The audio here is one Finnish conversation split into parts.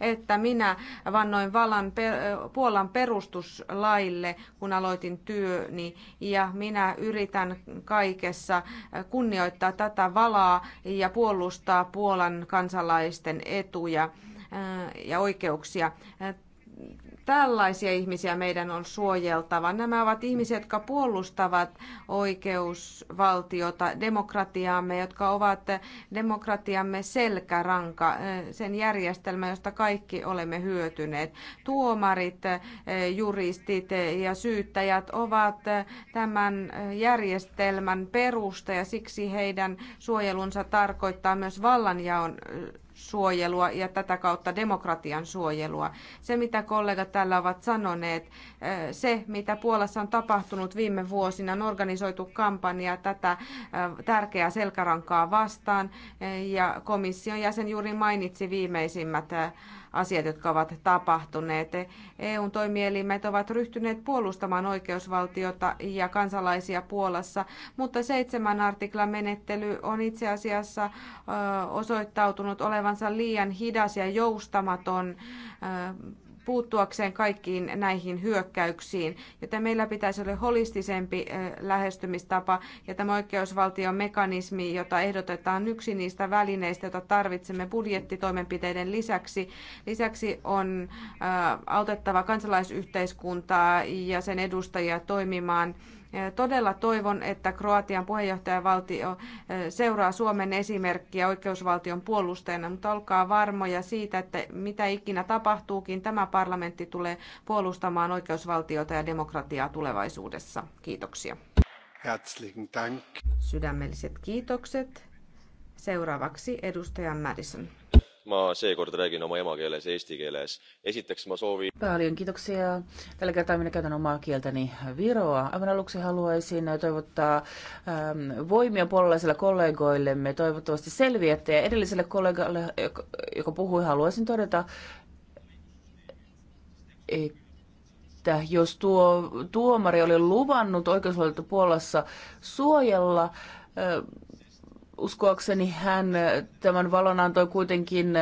että minä vannoin valan, Puolan perustuslaille, kun aloitin työni, ja minä yritän kaikessa kunnioittaa tätä valaa ja puolustaa Puolan kansalaisten etuja ja oikeuksia Tällaisia ihmisiä meidän on suojeltava. Nämä ovat ihmisiä, jotka puolustavat oikeusvaltiota, demokratiaamme, jotka ovat demokratiamme selkäranka, sen järjestelmä, josta kaikki olemme hyötyneet. Tuomarit, juristit ja syyttäjät ovat tämän järjestelmän perusta ja siksi heidän suojelunsa tarkoittaa myös vallanjaon suojelua ja tätä kautta demokratian suojelua. Se, mitä kollegat täällä ovat sanoneet, eh, se, mitä Puolassa on tapahtunut viime vuosina, on organisoitu kampanja tätä eh, tärkeää selkärankaa vastaan, eh, ja komission jäsen juuri mainitsi viimeisimmät asiat, jotka ovat tapahtuneet. EUn toimielimet ovat ryhtyneet puolustamaan oikeusvaltiota ja kansalaisia Puolassa, mutta seitsemän artiklan menettely on itse asiassa osoittautunut olevansa liian hidas ja joustamaton puuttuakseen kaikkiin näihin hyökkäyksiin. Joten meillä pitäisi olla holistisempi lähestymistapa ja tämä oikeusvaltion mekanismi, jota ehdotetaan, yksi niistä välineistä, joita tarvitsemme budjettitoimenpiteiden lisäksi. Lisäksi on autettava kansalaisyhteiskuntaa ja sen edustajia toimimaan Todella toivon, että Kroatian puheenjohtajavaltio seuraa Suomen esimerkkiä oikeusvaltion puolustajana, mutta olkaa varmoja siitä, että mitä ikinä tapahtuukin, tämä parlamentti tulee puolustamaan oikeusvaltiota ja demokratiaa tulevaisuudessa. Kiitoksia. Herzlichen Dank. Sydämelliset kiitokset. Seuraavaksi edustaja Madison ma seekord räägin oma emakeeles, eesti keeles. esiteks ma soovin... Paljon kiitoksia. Tällä kertaa minä käytän omaa kieltäni Viroa. Aivan aluksi haluaisin toivottaa ähm, voimia puolalaisille kollegoillemme. Toivottavasti selviätte. Ja edelliselle kollegalle, joka, puhui, haluaisin todeta, että jos tuo tuomari oli luvannut oikeuslaitoksen Puolassa suojella äh, uskoakseni hän tämän valon antoi kuitenkin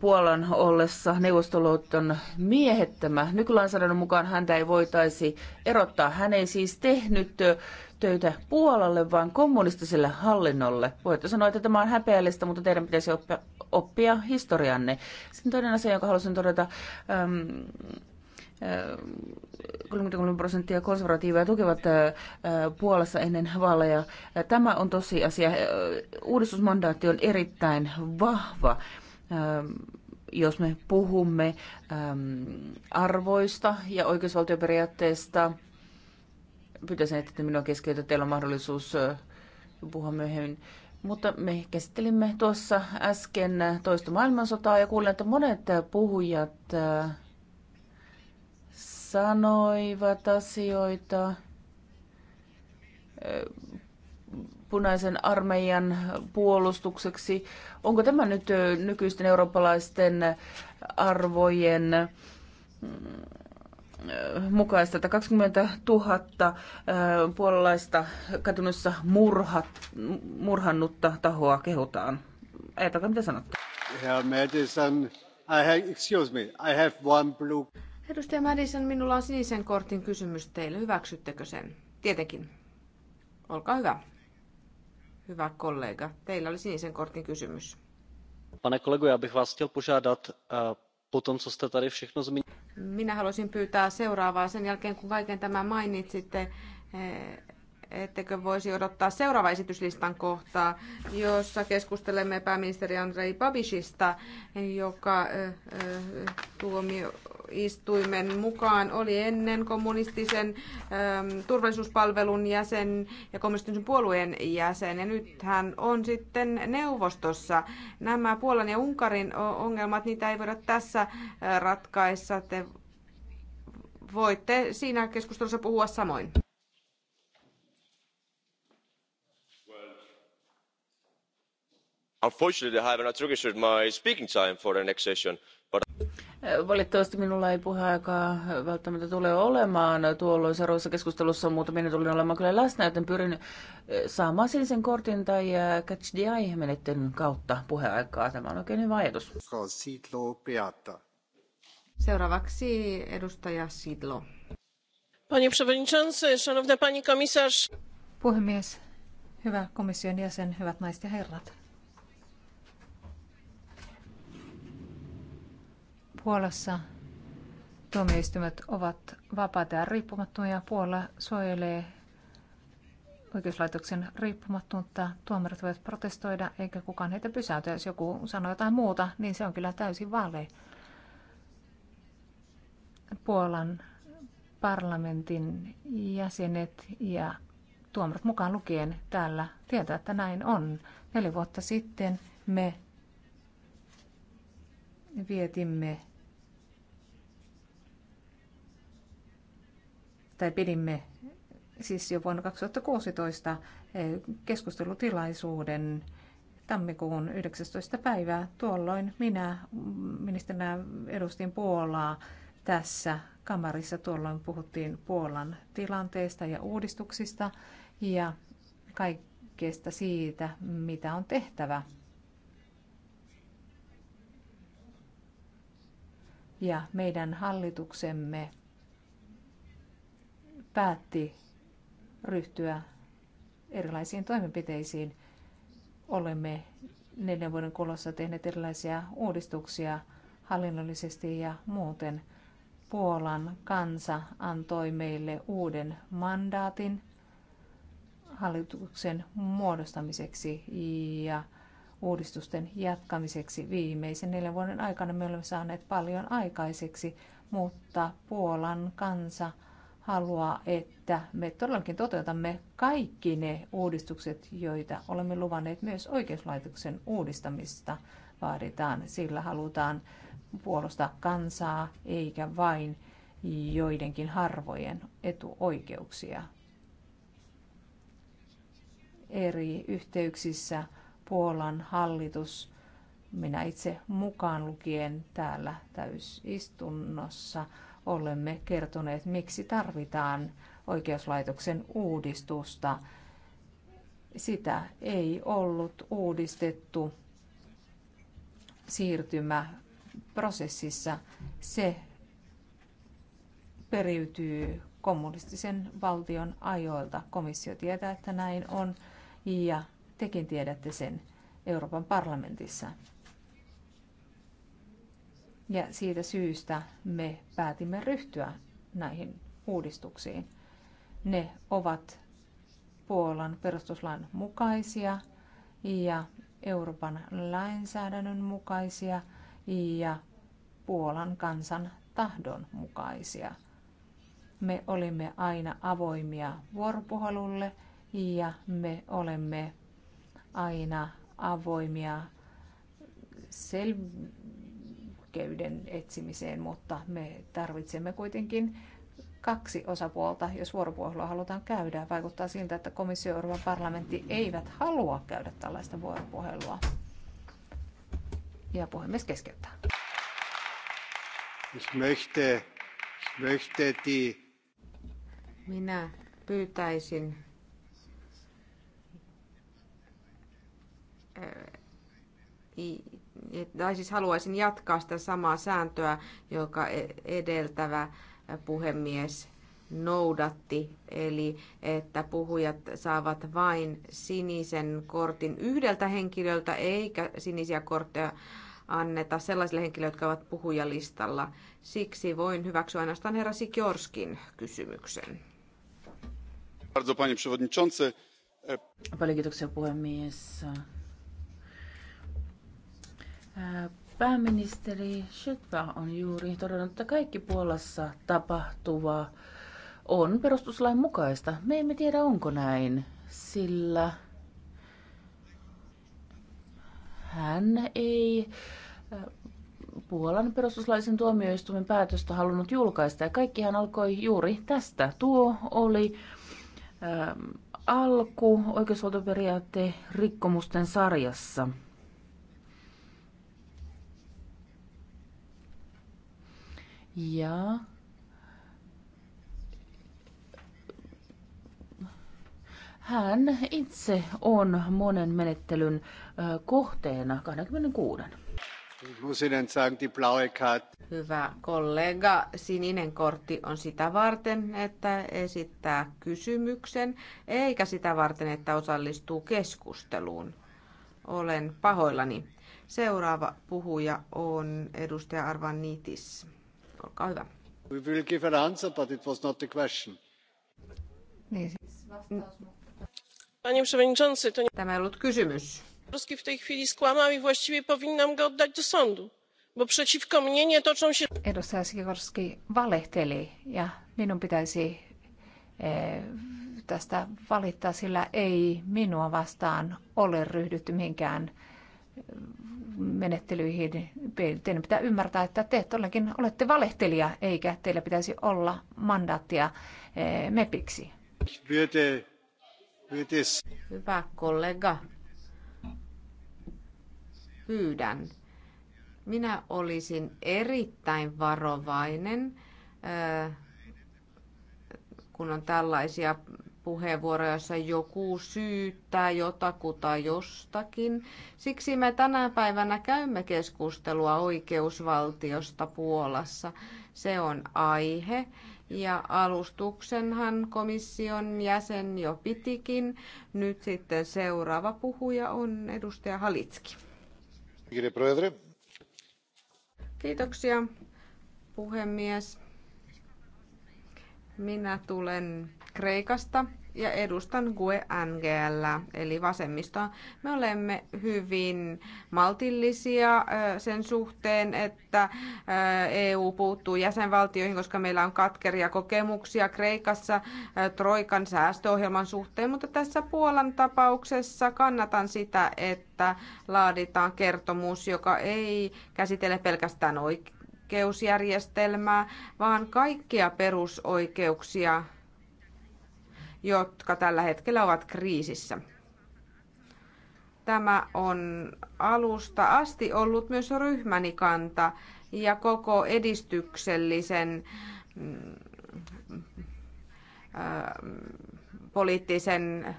Puolan ollessa neuvostoliiton miehettämä. Nykylainsäädännön mukaan häntä ei voitaisi erottaa. Hän ei siis tehnyt töitä Puolalle, vaan kommunistiselle hallinnolle. Voitte sanoa, että tämä on häpeällistä, mutta teidän pitäisi oppia, oppia historianne. Sitten toinen asia, jonka halusin todeta, ähm, 30 prosenttia konservatiiveja tukevat äh, äh, Puolassa ennen vaaleja. Äh, tämä on tosiasia. Uudistusmandaatti on erittäin vahva, jos me puhumme ähm, arvoista ja oikeusvaltioperiaatteesta. Pyytäisin, että minua keskeytä. Teillä on mahdollisuus puhua myöhemmin. Mutta me käsittelimme tuossa äsken toista maailmansotaa ja kuulen, että monet puhujat sanoivat asioita punaisen armeijan puolustukseksi. Onko tämä nyt nykyisten eurooppalaisten arvojen mm, mukaista, että 20 000 puolalaista katunnossa murhat, murhannutta tahoa kehutaan? Ajatelkaa, mitä sanotte. Herr Madison, I have, excuse me, I have one blue... Edustaja Madison, minulla on sinisen kortin kysymys teille. Hyväksyttekö sen? Tietenkin. Olkaa hyvä. Hyvä kollega, teillä oli sinisen kortin kysymys. Pane kollego, ja bych vás chtěl požádat, eh, potom, co jste tady všechno Minä haluaisin pyytää seuraavaa sen jälkeen, kun kaiken tämän mainitsitte. Eh, ettekö voisi odottaa seuraava esityslistan kohtaa, jossa keskustelemme pääministeri Andrei Babishista, joka eh, tuomio tuomioistuimen mukaan oli ennen kommunistisen äm, turvallisuuspalvelun jäsen ja kommunistisen puolueen jäsen. Ja nyt hän on sitten neuvostossa. Nämä Puolan ja Unkarin ongelmat, niitä ei voida tässä äh, ratkaissa. Te voitte siinä keskustelussa puhua samoin. unfortunately i have not registered my speaking time for the next session. Valitettavasti minulla ei puheaikaa välttämättä tule olemaan tuolloin seuraavassa keskustelussa, mutta minä tulin olemaan kyllä läsnä, joten pyrin eh, saamaan sinisen kortin tai eh, catch the eye menetten kautta puheaikaa. Tämä on oikein hyvä ajatus. Seuraavaksi edustaja Sidlo. Panie przewodniczący, szanowna pani komisarz. Puhemies, hyvä komission jäsen, hyvät naiset ja herrat. Puolassa tuomioistuimet ovat vapaita ja riippumattomia. Puola suojelee oikeuslaitoksen riippumattomuutta. Tuomarit voivat protestoida eikä kukaan heitä pysäytä. Jos joku sanoo jotain muuta, niin se on kyllä täysin vale. Puolan parlamentin jäsenet ja tuomarit mukaan lukien täällä tietää, että näin on. Neljä vuotta sitten me vietimme tai pidimme siis jo vuonna 2016 eh, keskustelutilaisuuden tammikuun 19. päivää. Tuolloin minä ministerinä edustin Puolaa tässä kamarissa. Tuolloin puhuttiin Puolan tilanteesta ja uudistuksista ja kaikkeesta siitä, mitä on tehtävä. Ja meidän hallituksemme päätti ryhtyä erilaisiin toimenpiteisiin. Olemme neljän vuoden kulussa tehneet erilaisia uudistuksia hallinnollisesti ja muuten. Puolan kansa antoi meille uuden mandaatin hallituksen muodostamiseksi ja uudistusten jatkamiseksi viimeisen neljän vuoden aikana. Me olemme saaneet paljon aikaiseksi, mutta Puolan kansa – haluaa, että me todellakin toteutamme kaikki ne uudistukset, joita olemme luvanneet myös oikeuslaitoksen uudistamista vaaditaan. Sillä halutaan puolustaa kansaa eikä vain joidenkin harvojen etuoikeuksia. Eri yhteyksissä Puolan hallitus, minä itse mukaan lukien täällä täysistunnossa, olemme kertoneet, miksi tarvitaan oikeuslaitoksen uudistusta. Sitä ei ollut uudistettu siirtymäprosessissa. Se periytyy kommunistisen valtion ajoilta. Komissio tietää, että näin on ja tekin tiedätte sen Euroopan parlamentissa. Ja siitä syystä me päätimme ryhtyä näihin uudistuksiin. Ne ovat Puolan perustuslain mukaisia ja Euroopan lainsäädännön mukaisia ja Puolan kansan tahdon mukaisia. Me olimme aina avoimia vuoropuhelulle ja me olemme aina avoimia sel- oikeuden etsimiseen, mutta me tarvitsemme kuitenkin kaksi osapuolta, jos vuoropuhelua halutaan käydä. Vaikuttaa siltä, että komissio ja Euroopan parlamentti eivät halua käydä tällaista vuoropuhelua. Ja puhemies keskeyttää. Minä pyytäisin äh, tai siis haluaisin jatkaa sitä samaa sääntöä, joka e- edeltävä puhemies noudatti, eli että puhujat saavat vain sinisen kortin yhdeltä henkilöltä, eikä sinisiä kortteja anneta sellaisille henkilöille, jotka ovat puhujalistalla. Siksi voin hyväksyä ainoastaan herra Sikorskin kysymyksen. Paljon kiitoksia puhemies. Pääministeri Shetva on juuri todennut, että kaikki Puolassa tapahtuva on perustuslain mukaista. Me emme tiedä, onko näin, sillä hän ei äh, Puolan perustuslaisen tuomioistuimen päätöstä halunnut julkaista. Ja kaikkihan alkoi juuri tästä. Tuo oli ähm, alku oikeusvaltoperiaatteen rikkomusten sarjassa. ja hän itse on monen menettelyn kohteena 26. Hyvä kollega, sininen kortti on sitä varten, että esittää kysymyksen, eikä sitä varten, että osallistuu keskusteluun. Olen pahoillani. Seuraava puhuja on edustaja Arvan Nitis. Olkaa hyvä. vastaus, niin. Panie przewodniczący, Tämä ei ollut kysymys. Polski w tej chwili skłamał i właściwie powinnam go oddać do sądu, bo przeciwko mnie nie toczą się... Edustaja Sikorski valehteli ja minun pitäisi e, tästä valittaa, sillä ei minua vastaan ole ryhdytty minkään menettelyihin. Teidän pitää ymmärtää, että te todellakin olette valehtelija, eikä teillä pitäisi olla mandaattia eh, MEPiksi. Hyvä kollega, pyydän. Minä olisin erittäin varovainen, eh, kun on tällaisia puheenvuoro, jossa joku syyttää jotakuta jostakin. Siksi me tänä päivänä käymme keskustelua oikeusvaltiosta Puolassa. Se on aihe. Ja alustuksenhan komission jäsen jo pitikin. Nyt sitten seuraava puhuja on edustaja Halitski. Kiitoksia, puhemies minä tulen Kreikasta ja edustan GUE NGL, eli vasemmistoa. Me olemme hyvin maltillisia sen suhteen, että EU puuttuu jäsenvaltioihin, koska meillä on katkeria kokemuksia Kreikassa Troikan säästöohjelman suhteen, mutta tässä Puolan tapauksessa kannatan sitä, että laaditaan kertomus, joka ei käsitele pelkästään oikein oikeusjärjestelmää, vaan kaikkia perusoikeuksia, jotka tällä hetkellä ovat kriisissä. Tämä on alusta asti ollut myös ryhmäni kanta ja koko edistyksellisen mm, poliittisen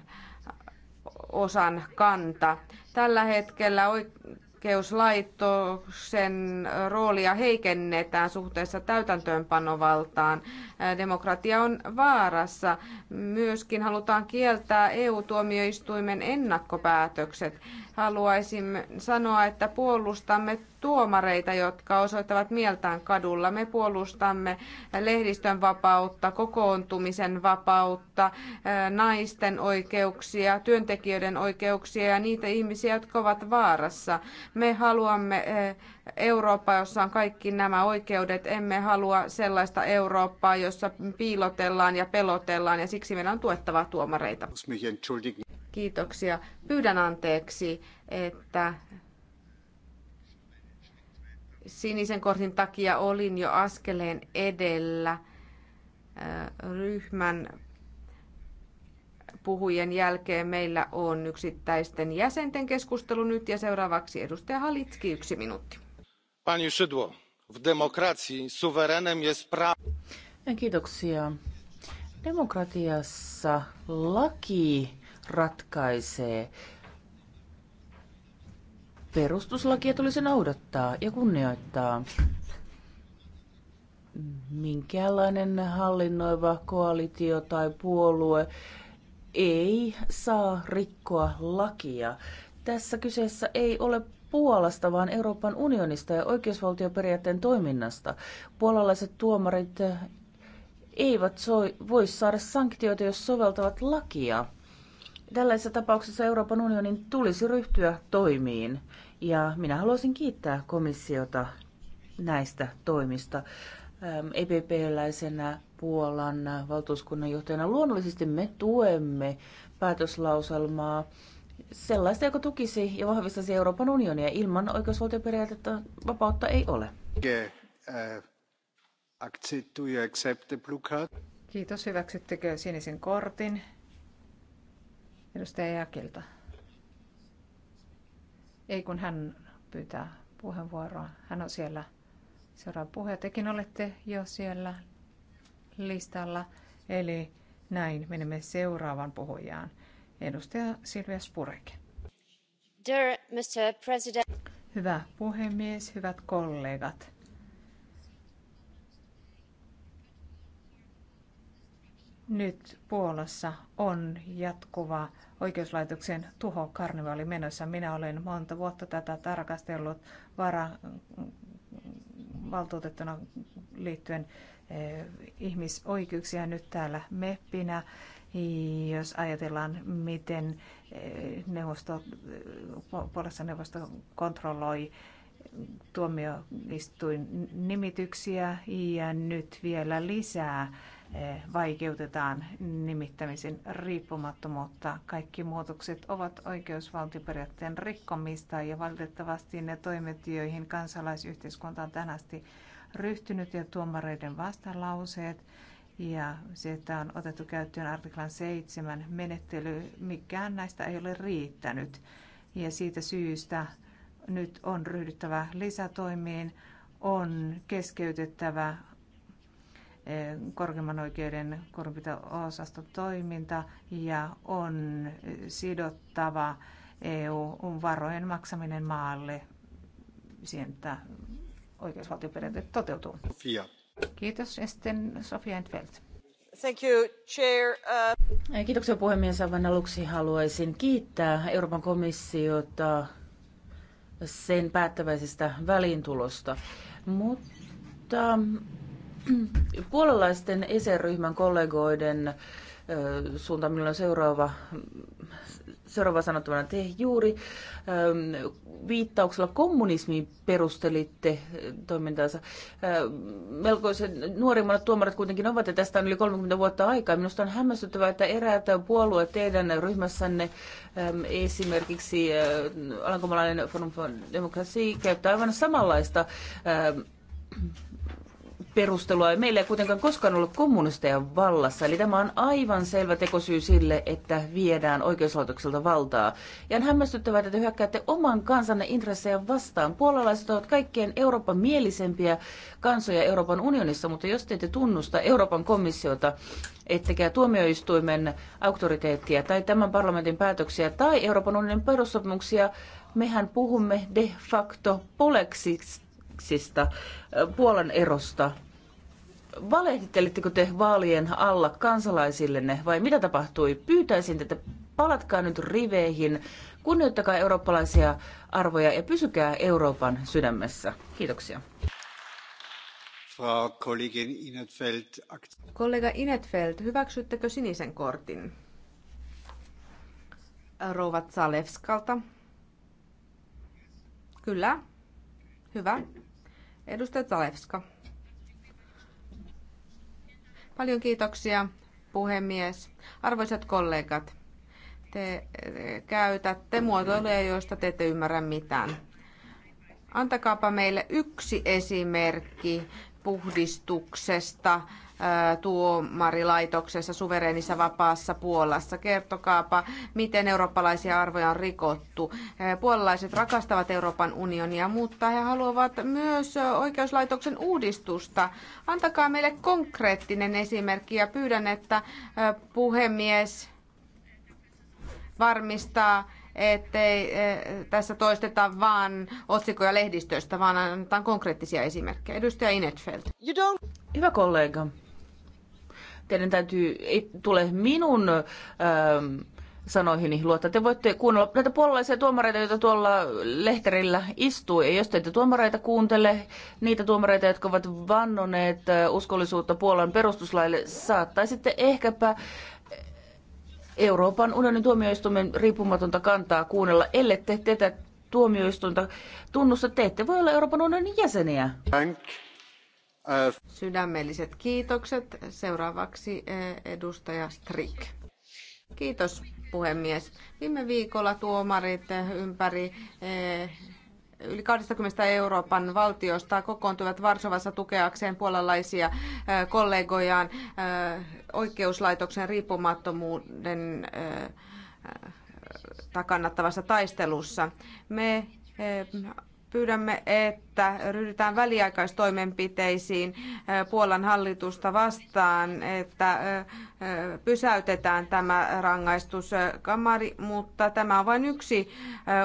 osan kanta. Tällä hetkellä oikeuslaitoksen roolia heikennetään suhteessa täytäntöönpanovaltaan demokratia on vaarassa. Myöskin halutaan kieltää EU-tuomioistuimen ennakkopäätökset. Haluaisin sanoa, että puolustamme tuomareita, jotka osoittavat mieltään kadulla. Me puolustamme lehdistön vapautta, kokoontumisen vapautta, naisten oikeuksia, työntekijöiden oikeuksia ja niitä ihmisiä, jotka ovat vaarassa. Me haluamme Eurooppaa, jossa on kaikki nämä oikeudet. Emme halua sellaista Eurooppaa, jossa piilotellaan ja pelotellaan ja siksi meidän on tuettava tuomareita. Kiitoksia. Pyydän anteeksi, että sinisen kortin takia olin jo askeleen edellä äh, ryhmän puhujien jälkeen meillä on yksittäisten jäsenten keskustelu nyt ja seuraavaksi edustaja Halitski yksi minuutti. Pani Szydło, w demokracji suwerenem jest pra... Kiitoksia. Demokratiassa laki ratkaisee. Perustuslakia tulisi noudattaa ja kunnioittaa. Minkäänlainen hallinnoiva koalitio tai puolue ei saa rikkoa lakia. Tässä kyseessä ei ole Puolasta, vaan Euroopan unionista ja oikeusvaltioperiaatteen toiminnasta. Puolalaiset tuomarit eivät voi saada sanktioita, jos soveltavat lakia. Tällaisessa tapauksessa Euroopan unionin tulisi ryhtyä toimiin. Ja minä haluaisin kiittää komissiota näistä toimista. EPP-läisenä Puolan valtuuskunnan johtajana luonnollisesti me tuemme päätöslauselmaa sellaista, joka tukisi ja vahvistaisi Euroopan unionia. Ilman oikeusvaltioperiaatetta vapautta ei ole. Eh, Kiitos. Hyväksyttekö sinisen kortin? Edustaja Jäkiltä. Ei kun hän pyytää puheenvuoroa. Hän on siellä seuraava puhe. Tekin olette jo siellä listalla. Eli näin menemme seuraavan puhujaan. Edustaja Silvia Spureke. Dear Mr. President. Hyvä puhemies, hyvät kollegat. Nyt Puolassa on jatkuva oikeuslaitoksen tuho karnevaali menossa. Minä olen monta vuotta tätä tarkastellut vara valtuutettuna liittyen Eh, ihmisoikeuksia nyt täällä meppinä, jos ajatellaan, miten eh, neuvosto, eh, puolessa neuvosto kontrolloi tuomioistuin nimityksiä ja nyt vielä lisää vaikeutetaan nimittämisen riippumattomuutta. Kaikki muutokset ovat oikeusvaltioperiaatteen rikkomista ja valitettavasti ne toimet, joihin kansalaisyhteiskunta on tänästi ryhtynyt ja tuomareiden vastalauseet ja se, että on otettu käyttöön artiklan 7 menettely, mikään näistä ei ole riittänyt. Ja siitä syystä nyt on ryhdyttävä lisätoimiin, on keskeytettävä eh, korkeimman oikeuden korvinpito toiminta ja on sidottava EU-varojen maksaminen maalle sieltä oikeusvaltioperiaate toteutuu. Sofia. Kiitos. Ja sitten Sofia Entfeldt. Thank you, chair. Uh... Kiitoksia puhemies. Aivan aluksi haluaisin kiittää Euroopan komissiota sen päättäväisestä väliintulosta. Mutta äh, puolalaisten ESE-ryhmän kollegoiden äh, suuntaan seuraava seuraava sanottavana te juuri ähm, viittauksella kommunismiin perustelitte äh, toimintaansa. Ähm, melkoisen nuorimmat tuomarit kuitenkin ovat, ja tästä on yli 30 vuotta aikaa. Minusta on hämmästyttävää, että eräät puolue teidän ryhmässänne, ähm, esimerkiksi äh, alankomalainen Forum for Democracy, käyttää aivan samanlaista ähm, perustelua. Meillä ei kuitenkaan koskaan ollut kommunisteja vallassa, eli tämä on aivan selvä tekosyy sille, että viedään oikeuslaitokselta valtaa. Ja on hämmästyttävää, että te hyökkäätte oman kansanne intressejä vastaan. Puolalaiset ovat kaikkein Euroopan mielisempiä kansoja Euroopan unionissa, mutta jos te ette tunnusta Euroopan komissiota, ettekä tuomioistuimen auktoriteettia tai tämän parlamentin päätöksiä tai Euroopan unionin perussopimuksia, mehän puhumme de facto poleksista Brexista, Puolan erosta. Valehdittelitteko te vaalien alla kansalaisillenne vai mitä tapahtui? Pyytäisin että palatkaa nyt riveihin, kunnioittakaa eurooppalaisia arvoja ja pysykää Euroopan sydämessä. Kiitoksia. Frau Kollegin Inetfeld. Kollega Inetfeld, hyväksyttekö sinisen kortin? Rouva Zalewskalta. Kyllä. Hyvä. Edustaja Zalewska. Paljon kiitoksia, puhemies. Arvoisat kollegat, te käytätte muotoiluja, joista te ette ymmärrä mitään. Antakaapa meille yksi esimerkki puhdistuksesta tuomarilaitoksessa suvereenissa vapaassa Puolassa. Kertokaapa, miten eurooppalaisia arvoja on rikottu. Puolalaiset rakastavat Euroopan unionia, mutta he haluavat myös oikeuslaitoksen uudistusta. Antakaa meille konkreettinen esimerkki ja pyydän, että puhemies varmistaa, ettei eh, tässä toisteta vaan otsikoja lehdistöstä, vaan annetaan konkreettisia esimerkkejä. Edustaja Inetfeld. You don't... Hyvä kollega. Teidän täytyy, ei tule minun ähm, sanoihini luottaa. Te voitte kuunnella näitä puolalaisia tuomareita, joita tuolla lehterillä istuu. Ja jos te ette tuomareita kuuntele, niitä tuomareita, jotka ovat vannoneet äh, uskollisuutta Puolan perustuslaille, saattaisitte ehkäpä Euroopan unionin tuomioistuimen riippumatonta kantaa kuunnella, ellette tätä tuomioistuinta tunnusta, te ette voi olla Euroopan unionin jäseniä. Thank. Uh, Sydämelliset kiitokset. Seuraavaksi eh, edustaja Strik. Kiitos puhemies. Viime viikolla tuomarit eh, ympäri eh, yli 20 Euroopan valtiosta kokoontuivat Varsovassa tukeakseen puolalaisia äh, kollegojaan äh, oikeuslaitoksen riippumattomuuden äh, takannattavassa taistelussa. Me pyydämme, että ryhdytään väliaikaistoimenpiteisiin Puolan hallitusta vastaan, että pysäytetään tämä rangaistuskamari, mutta tämä on vain yksi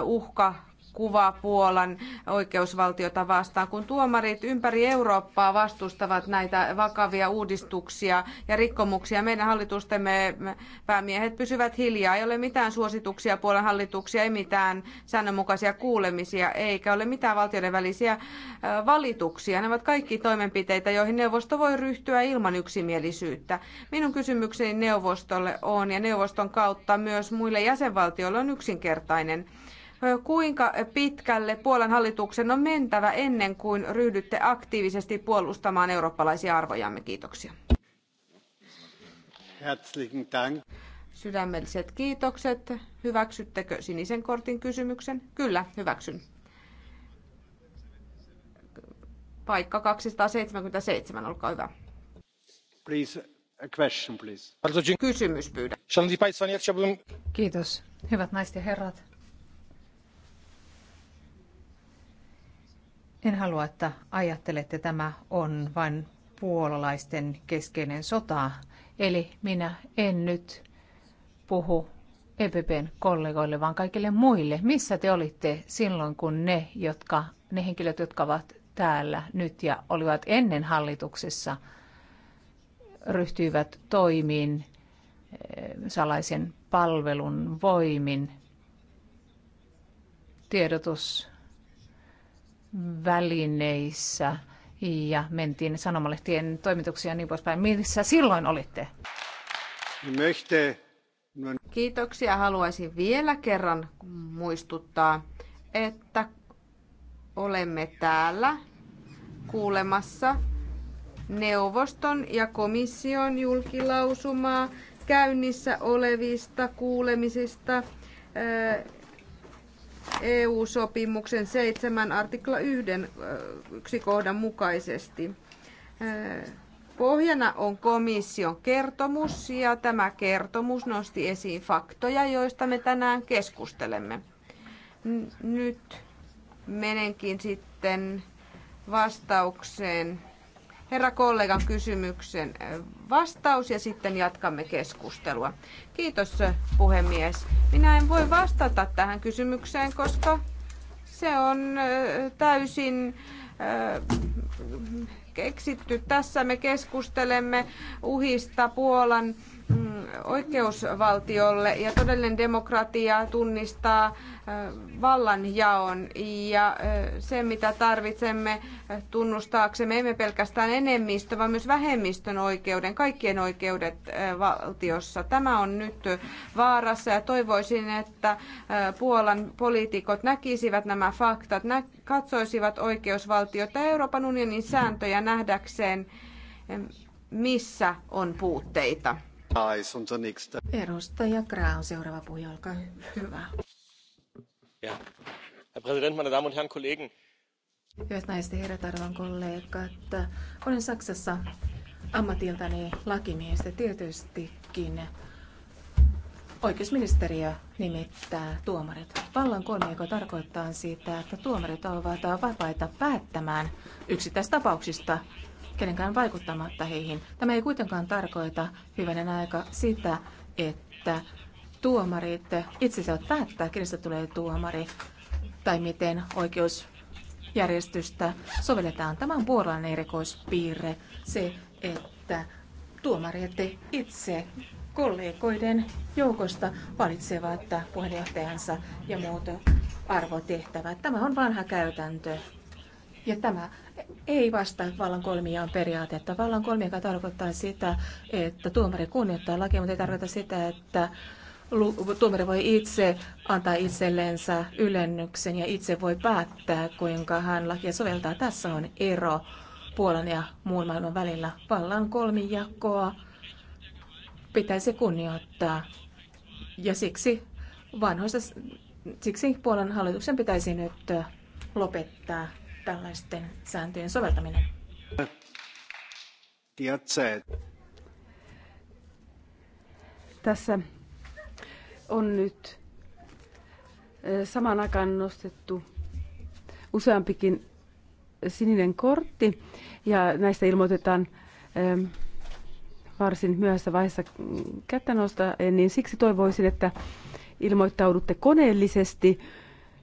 uhka kuva Puolan oikeusvaltiota vastaan, kun tuomarit ympäri Eurooppaa vastustavat näitä vakavia uudistuksia ja rikkomuksia. Meidän hallitustemme päämiehet pysyvät hiljaa. Ei ole mitään suosituksia Puolan hallituksia, ei mitään säännönmukaisia kuulemisia, eikä ole mitään valtioiden välisiä valituksia. Ne ovat kaikki toimenpiteitä, joihin neuvosto voi ryhtyä ilman yksimielisyyttä. Minun kysymykseni neuvostolle on ja neuvoston kautta myös muille jäsenvaltioille on yksinkertainen kuinka pitkälle Puolan hallituksen on mentävä ennen kuin ryhdytte aktiivisesti puolustamaan eurooppalaisia arvojamme? Kiitoksia. Herzlichen Dank. Sydämelliset kiitokset. Hyväksyttekö sinisen kortin kysymyksen? Kyllä, hyväksyn. Paikka 277, olkaa hyvä. Please, a question, please. Kysymys pyydä. Kiitos. Hyvät naiset ja herrat. En halua, että ajattelette, että tämä on vain puolalaisten keskeinen sota. Eli minä en nyt puhu EPPn kollegoille, vaan kaikille muille. Missä te olitte silloin, kun ne, jotka, ne henkilöt, jotka ovat täällä nyt ja olivat ennen hallituksessa, ryhtyivät toimiin eh, salaisen palvelun voimin tiedotus välineissä ja mentiin sanomalehtien toimituksia ja niin poispäin. Missä silloin olitte? Kiitoksia. Haluaisin vielä kerran muistuttaa, että olemme täällä kuulemassa neuvoston ja komission julkilausumaa käynnissä olevista kuulemisista EU-sopimuksen 7 artikla 1 kohdan mukaisesti. Pohjana on komission kertomus ja tämä kertomus nosti esiin faktoja, joista me tänään keskustelemme. Nyt menenkin sitten vastaukseen herra kollegan kysymyksen vastaus ja sitten jatkamme keskustelua. Kiitos puhemies. Minä en voi vastata tähän kysymykseen, koska se on täysin keksitty. Tässä me keskustelemme uhista Puolan Mm, oikeusvaltiolle ja todellinen demokratia tunnistaa äh, vallanjaon ja äh, se, mitä tarvitsemme äh, tunnustaaksemme emme pelkästään enemmistö, vaan myös vähemmistön oikeuden, kaikkien oikeudet valtiossa. Tämä on nyt vaarassa ja toivoisin, että Puolan poliitikot näkisivät nämä faktat, katsoisivat oikeusvaltiota Euroopan unionin sääntöjä nähdäkseen, missä on puutteita. Edustaja seuraava puhuja, olkaa hyvä. Ja. Herr Präsident, meine Damen und Herren Kollegen. Hyvät naiset ja herrat, arvon kollegat. Olen Saksassa ammatiltani lakimies ja tietystikin oikeusministeriö nimittää tuomarit. Vallan kolmijako tarkoittaa sitä, että tuomarit ovat vapaita päättämään yksittäistapauksista, kenenkään vaikuttamatta heihin. Tämä ei kuitenkaan tarkoita hyvänen aika sitä, että tuomarit itse saavat päättää, kenestä tulee tuomari tai miten oikeusjärjestystä sovelletaan. Tämä on puolalainen erikoispiirre, se, että tuomarit itse kollegoiden joukosta valitsevat puheenjohtajansa ja muut arvotehtävät. Tämä on vanha käytäntö ja tämä ei vastaa vallan kolmijaan periaatetta. Vallan kolmia, tarkoittaa sitä, että tuomari kunnioittaa lakia, mutta ei tarkoita sitä, että tuomari voi itse antaa itsellensä ylennyksen ja itse voi päättää, kuinka hän lakia soveltaa. Tässä on ero Puolan ja muun maailman välillä. Vallan kolmijakoa pitäisi kunnioittaa. Ja siksi vanhoista, siksi Puolan hallituksen pitäisi nyt lopettaa tällaisten sääntöjen soveltaminen. Tässä on nyt samaan aikaan nostettu useampikin sininen kortti ja näistä ilmoitetaan varsin myöhässä vaiheessa kättä nostaa, niin siksi toivoisin, että ilmoittaudutte koneellisesti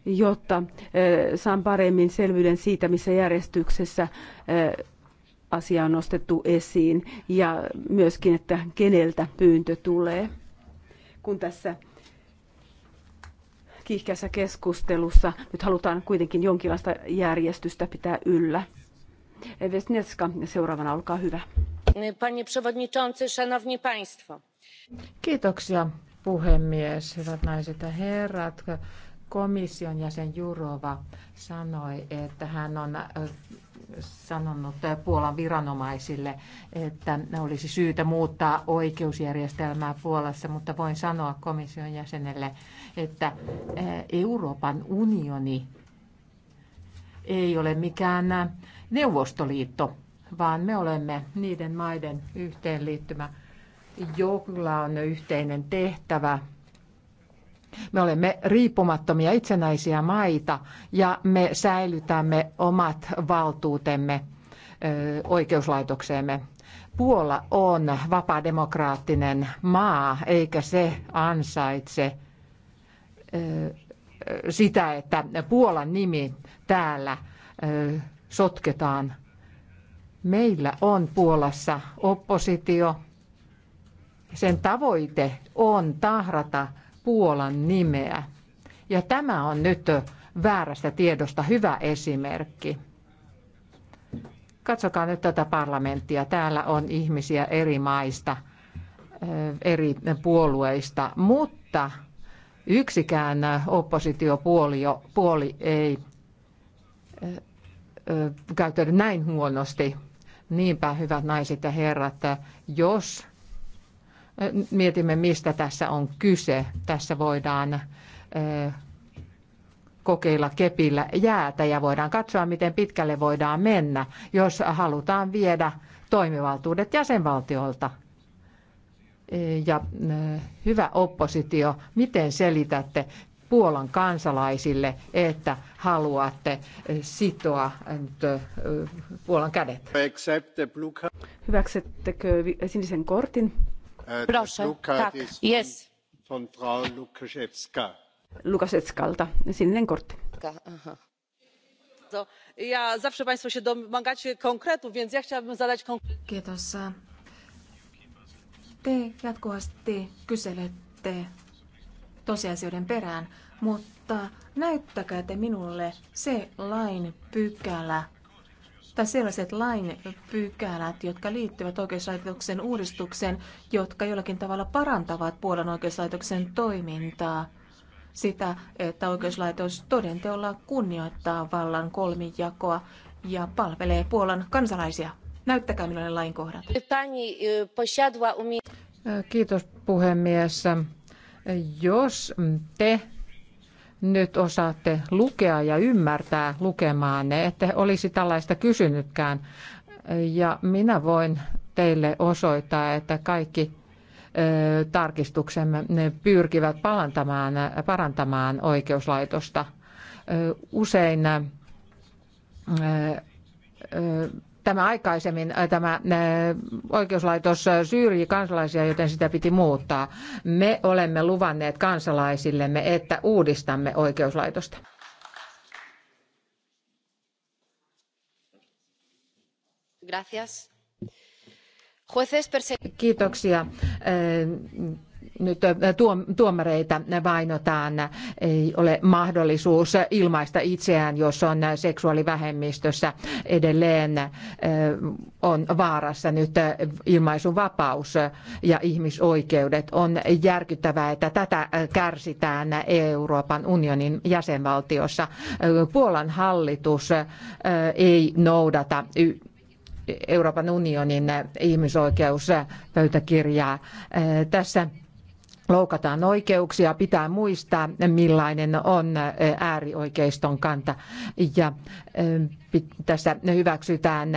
jotta eh, saan paremmin selvyyden siitä, missä järjestyksessä eh, asia on nostettu esiin ja myöskin, että keneltä pyyntö tulee. Kun tässä kiihkeässä keskustelussa nyt halutaan kuitenkin jonkinlaista järjestystä pitää yllä. Vesneska, eh, seuraavana olkaa hyvä. Panie przewodniczący, szanowni państwo. Kiitoksia puhemies, hyvät naiset ja herrat komission jäsen Jurova sanoi, että hän on äh, sanonut äh, Puolan viranomaisille, että olisi syytä muuttaa oikeusjärjestelmää Puolassa, mutta voin sanoa komission jäsenelle, että äh, Euroopan unioni ei ole mikään neuvostoliitto, vaan me olemme niiden maiden yhteenliittymä, jolla on yhteinen tehtävä me olemme riippumattomia itsenäisiä maita ja me säilytämme omat valtuutemme oikeuslaitokseemme. Puola on vapaa-demokraattinen maa, eikä se ansaitse sitä, että Puolan nimi täällä sotketaan. Meillä on Puolassa oppositio. Sen tavoite on tahrata Puolan nimeä. Ja tämä on nyt väärästä tiedosta hyvä esimerkki. Katsokaa nyt tätä parlamenttia. Täällä on ihmisiä eri maista, eri puolueista, mutta yksikään oppositiopuoli ei käyttäydy näin huonosti. Niinpä, hyvät naiset ja herrat, jos mietimme, mistä tässä on kyse. Tässä voidaan kokeilla kepillä jäätä ja voidaan katsoa, miten pitkälle voidaan mennä, jos halutaan viedä toimivaltuudet jäsenvaltiolta. E, ja hyvä oppositio, miten selitätte Puolan kansalaisille, että haluatte sitoa Puolan kädet? Hyväksyttekö sinisen kortin? Äh, zawsze państwo się domagacie konkretów więc ja chciałabym zadać Te jatkuvasti kyselette tosiasioiden perään, mutta näyttäkää te minulle se lain pykälä, tai sellaiset lain pykälät, jotka liittyvät oikeuslaitoksen uudistukseen, jotka jollakin tavalla parantavat Puolan oikeuslaitoksen toimintaa sitä, että oikeuslaitos todenteolla kunnioittaa vallan kolmijakoa ja palvelee Puolan kansalaisia. Näyttäkää minulle lainkohdat. Kiitos puhemies. Jos te nyt osaatte lukea ja ymmärtää lukemaan ne. Ette olisi tällaista kysynytkään. Ja minä voin teille osoittaa, että kaikki tarkistuksemme ne pyrkivät parantamaan, parantamaan oikeuslaitosta. Usein tämä aikaisemmin äh, tämä äh, oikeuslaitos syrjii kansalaisia, joten sitä piti muuttaa. Me olemme luvanneet kansalaisillemme, että uudistamme oikeuslaitosta. Kiitoksia äh, nyt äh, tuomareita vainotaan, ei ole mahdollisuus ilmaista itseään, jos on seksuaalivähemmistössä edelleen äh, on vaarassa nyt äh, vapaus ja ihmisoikeudet. On järkyttävää, että tätä kärsitään Euroopan unionin jäsenvaltiossa. Puolan hallitus ei noudata Euroopan unionin ihmisoikeuspöytäkirjaa. Tässä loukataan oikeuksia. Pitää muistaa, millainen on äärioikeiston kanta. Ja tässä hyväksytään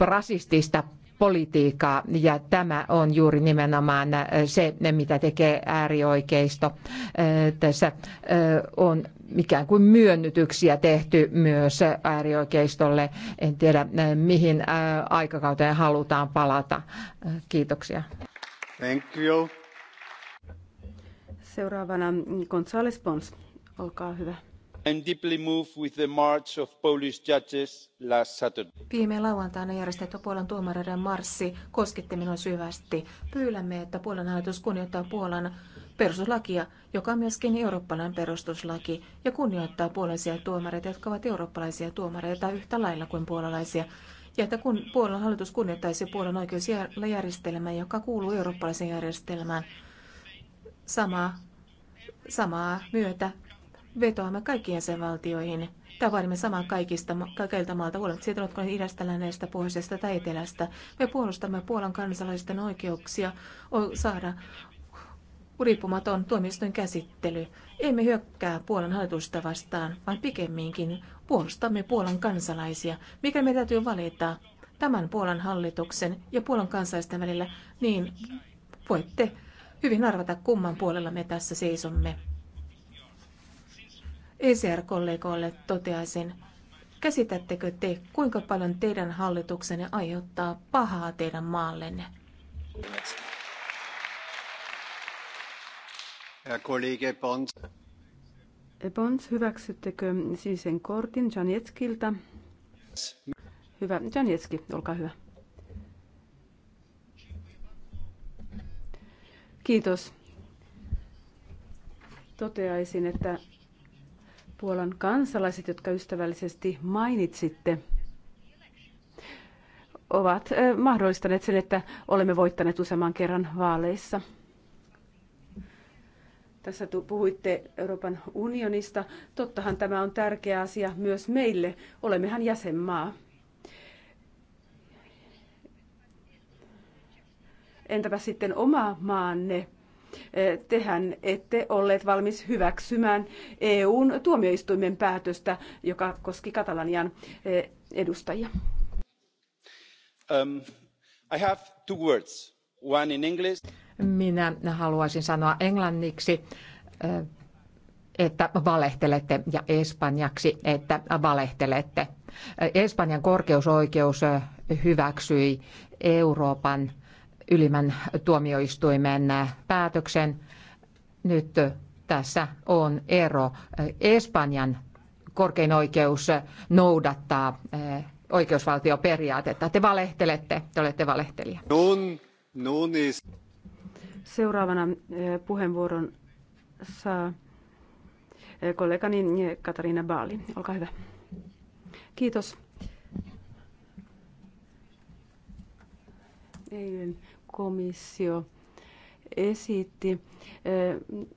rasistista politiikkaa ja tämä on juuri nimenomaan se, mitä tekee äärioikeisto. Tässä on ikään kuin myönnytyksiä tehty myös äärioikeistolle. En tiedä, mihin aikakauteen halutaan palata. Kiitoksia. Thank you. Seuraavana González Pons, olkaa hyvä. I'm deeply moved with the march of Polish judges last Saturday. Viime lauantaina järjestetty Puolan tuomareiden marssi kosketti minua syvästi. Pyydämme, että Puolan hallitus kunnioittaa Puolan perustuslakia, joka on myöskin eurooppalainen perustuslaki, ja kunnioittaa puolaisia tuomareita, jotka ovat eurooppalaisia tuomareita yhtä lailla kuin puolalaisia, ja että kun Puolan hallitus kunnioittaisi Puolan oikeusjärjestelmää, joka kuuluu eurooppalaiseen järjestelmään. Sama samaa myötä vetoamme kaikkiin jäsenvaltioihin. Tämä vaadimme samaa kaikista, kaikilta maalta huolimatta siitä, oletko ne idästä, lännestä, pohjoisesta tai etelästä. Me puolustamme Puolan kansalaisten oikeuksia saada riippumaton tuomioistuin käsittely. Emme hyökkää Puolan hallitusta vastaan, vaan pikemminkin puolustamme Puolan kansalaisia. Mikä me täytyy valita tämän Puolan hallituksen ja Puolan kansalaisten välillä, niin voitte hyvin arvata, kumman puolella me tässä seisomme. ECR-kollegoille toteaisin, käsitättekö te, kuinka paljon teidän hallituksenne aiheuttaa pahaa teidän maallenne? Herr Kollege Bons. Bons, hyväksyttekö sinisen kortin Janetskilta? Hyvä. Janetski, olkaa hyvä. Kiitos. Toteaisin, että Puolan kansalaiset, jotka ystävällisesti mainitsitte, ovat mahdollistaneet sen, että olemme voittaneet useamman kerran vaaleissa. Tässä puhuitte Euroopan unionista. Tottahan tämä on tärkeä asia myös meille. Olemmehan jäsenmaa. Entäpä sitten oma maanne? E, tehän ette olleet valmis hyväksymään EUn tuomioistuimen päätöstä, joka koski Katalanian e, edustajia. Um, I have two words. One in English. Minä haluaisin sanoa englanniksi e, että valehtelette ja espanjaksi, että valehtelette. Espanjan korkeusoikeus hyväksyi Euroopan ylimmän tuomioistuimen päätöksen. Nyt tässä on ero. Espanjan korkein oikeus noudattaa eh, oikeusvaltioperiaatetta. Te valehtelette, te olette valehtelija. Nun, nun is. Seuraavana eh, puheenvuoron saa eh, kollegani Katariina Baali. Olkaa hyvä. Kiitos. Eilen komissio esitti eh,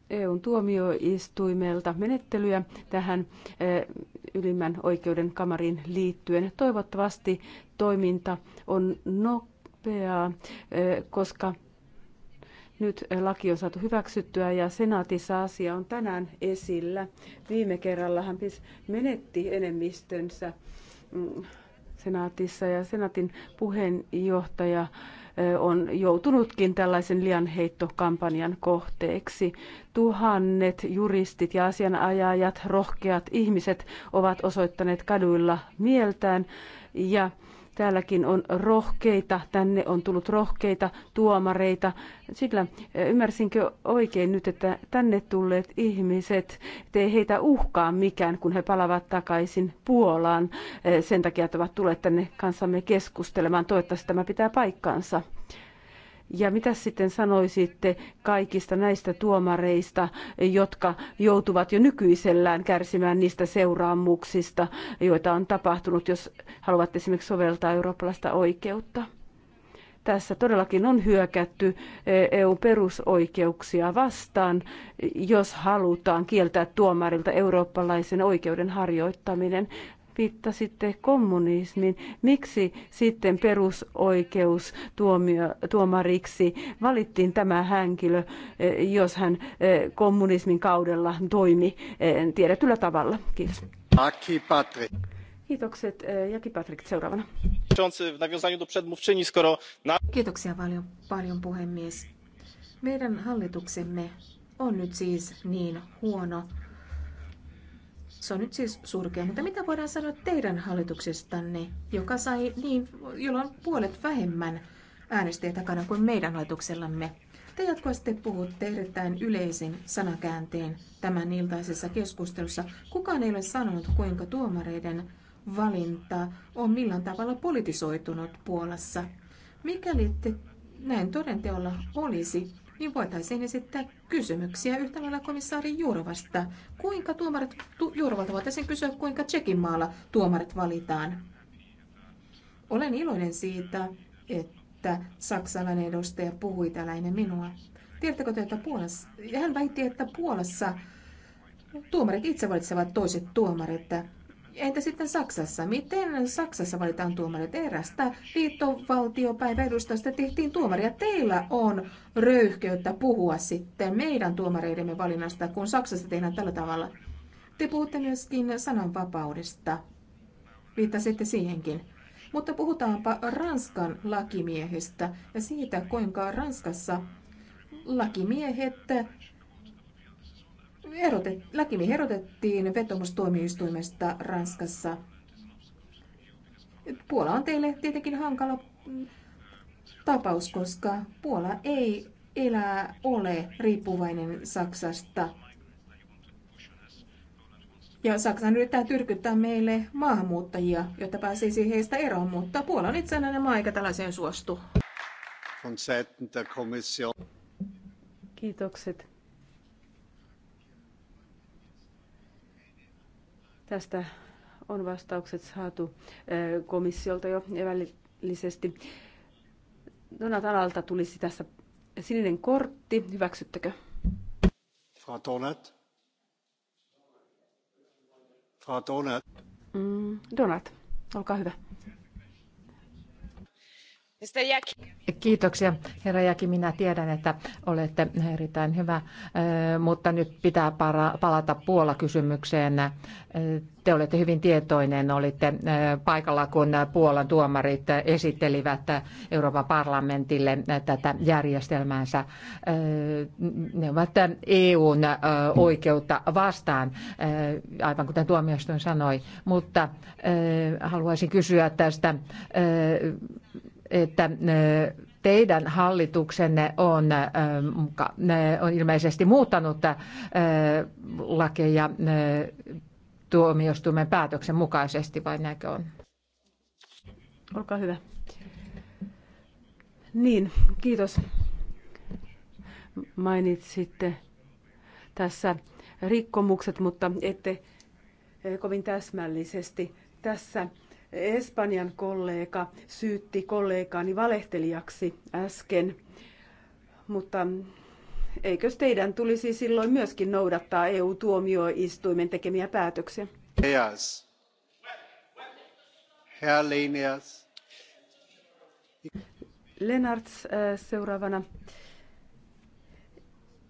EUn tuomioistuimelta menettelyjä tähän eh, ylimmän oikeuden kamariin liittyen. Toivottavasti toiminta on nopeaa, eh, koska nyt laki on saatu hyväksyttyä ja senaatissa asia on tänään esillä. Viime kerralla hän menetti enemmistönsä mm, senaatissa ja senaatin puheenjohtaja on joutunutkin tällaisen lianheittokampanjan kohteeksi. Tuhannet juristit ja asianajajat, rohkeat ihmiset ovat osoittaneet kaduilla mieltään ja Täälläkin on rohkeita, tänne on tullut rohkeita tuomareita. Sillä eh, ymmärsinkö oikein nyt, että tänne tulleet ihmiset, te heitä uhkaa mikään, kun he palavat takaisin Puolaan eh, sen takia, että ovat tulleet tänne kanssamme keskustelemaan. Toivottavasti tämä pitää paikkansa. Ja mitä sitten sanoisitte kaikista näistä tuomareista, jotka joutuvat jo nykyisellään kärsimään niistä seuraamuksista, joita on tapahtunut, jos haluatte esimerkiksi soveltaa eurooppalaista oikeutta? Tässä todellakin on hyökätty EU-perusoikeuksia e vastaan, jos halutaan kieltää tuomarilta eurooppalaisen oikeuden harjoittaminen viittasitte kommunismiin. Miksi sitten perusoikeus tuomio, tuomariksi valittiin tämä henkilö, eh, jos hän eh, kommunismin kaudella toimi eh, tiedetyllä tavalla? Kiitos. Aki Patrick. Kiitokset. Jaki Patrick seuraavana. Kiitoksia paljon, paljon puhemies. Meidän hallituksemme on nyt siis niin huono, se on nyt siis surkea, mutta mitä voidaan sanoa teidän hallituksestanne, joka sai niin, jolloin puolet vähemmän äänestäjä takana kuin meidän hallituksellamme? Te jatkuvasti puhutte erittäin yleisin sanakäänteen tämän iltaisessa keskustelussa. Kukaan ei ole sanonut, kuinka tuomareiden valinta on millään tavalla politisoitunut Puolassa. Mikäli te näin todenteolla olisi, niin voitaisiin esittää kysymyksiä yhtä lailla komissaari Jurvasta. Kuinka tuomarit, tu, Jurvalta voitaisiin kysyä, kuinka Tsekin maalla tuomarit valitaan? Olen iloinen siitä, että saksalainen edustaja puhui tällainen minua. Tiedättekö te, että Puolassa, hän väitti, että Puolassa tuomarit itse valitsevat toiset tuomarit. Entä sitten Saksassa? Miten Saksassa valitaan tuomarit? Erästä liittovaltiopäivä edustajasta tehtiin tuomaria. Teillä on röyhkeyttä puhua sitten meidän tuomareidemme valinnasta, kun Saksassa tehdään tällä tavalla. Te puhutte myöskin sananvapaudesta. Viittasitte siihenkin. Mutta puhutaanpa Ranskan lakimiehestä ja siitä, kuinka Ranskassa lakimiehet erotet, lakimi erotettiin vetomustuomioistuimesta Ranskassa. Puola on teille tietenkin hankala mm, tapaus, koska Puola ei elää ole riippuvainen Saksasta. Ja Saksan yrittää tyrkyttää meille maahanmuuttajia, jotta pääsisi heistä eroon, mutta Puola on itsenäinen maa eikä tällaiseen suostu. Kiitokset Tästä on vastaukset saatu eh, komissiolta jo välillisesti. Donat Alalta tulisi tässä sininen kortti. Hyväksyttekö? Frau Donat. Frau Donat. Mm, Donat, olkaa hyvä. Kiitoksia, herra Jäki. Minä tiedän, että olette erittäin hyvä, mutta nyt pitää palata Puola-kysymykseen. Te olette hyvin tietoinen, olitte paikalla, kun Puolan tuomarit esittelivät Euroopan parlamentille tätä järjestelmäänsä. Ne ovat EUn oikeutta vastaan, aivan kuten tuomioistuin sanoi, mutta haluaisin kysyä tästä että äh, teidän hallituksenne on, äh, on ilmeisesti muuttanut äh, lakeja tuomioistuimen päätöksen mukaisesti, vai näkö on? Olkaa hyvä. Niin, kiitos. Mainitsitte tässä rikkomukset, mutta ette kovin täsmällisesti tässä Espanjan kollega syytti kollegaani valehtelijaksi äsken, mutta eikö teidän tulisi silloin myöskin noudattaa EU-tuomioistuimen tekemiä päätöksiä? Yes. Herr Leneas. Lennarts äh, seuraavana.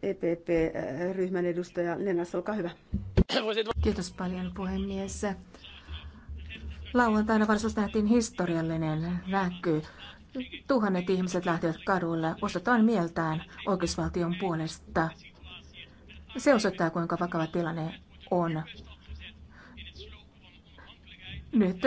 EPP-ryhmän äh, edustaja Lennarts, olkaa hyvä. Kiitos paljon puhemies. Lauantaina varsinaisesti nähtiin historiallinen näky. Tuhannet ihmiset lähtivät kadulle osoittamaan mieltään oikeusvaltion puolesta. Se osoittaa, kuinka vakava tilanne on. Nyt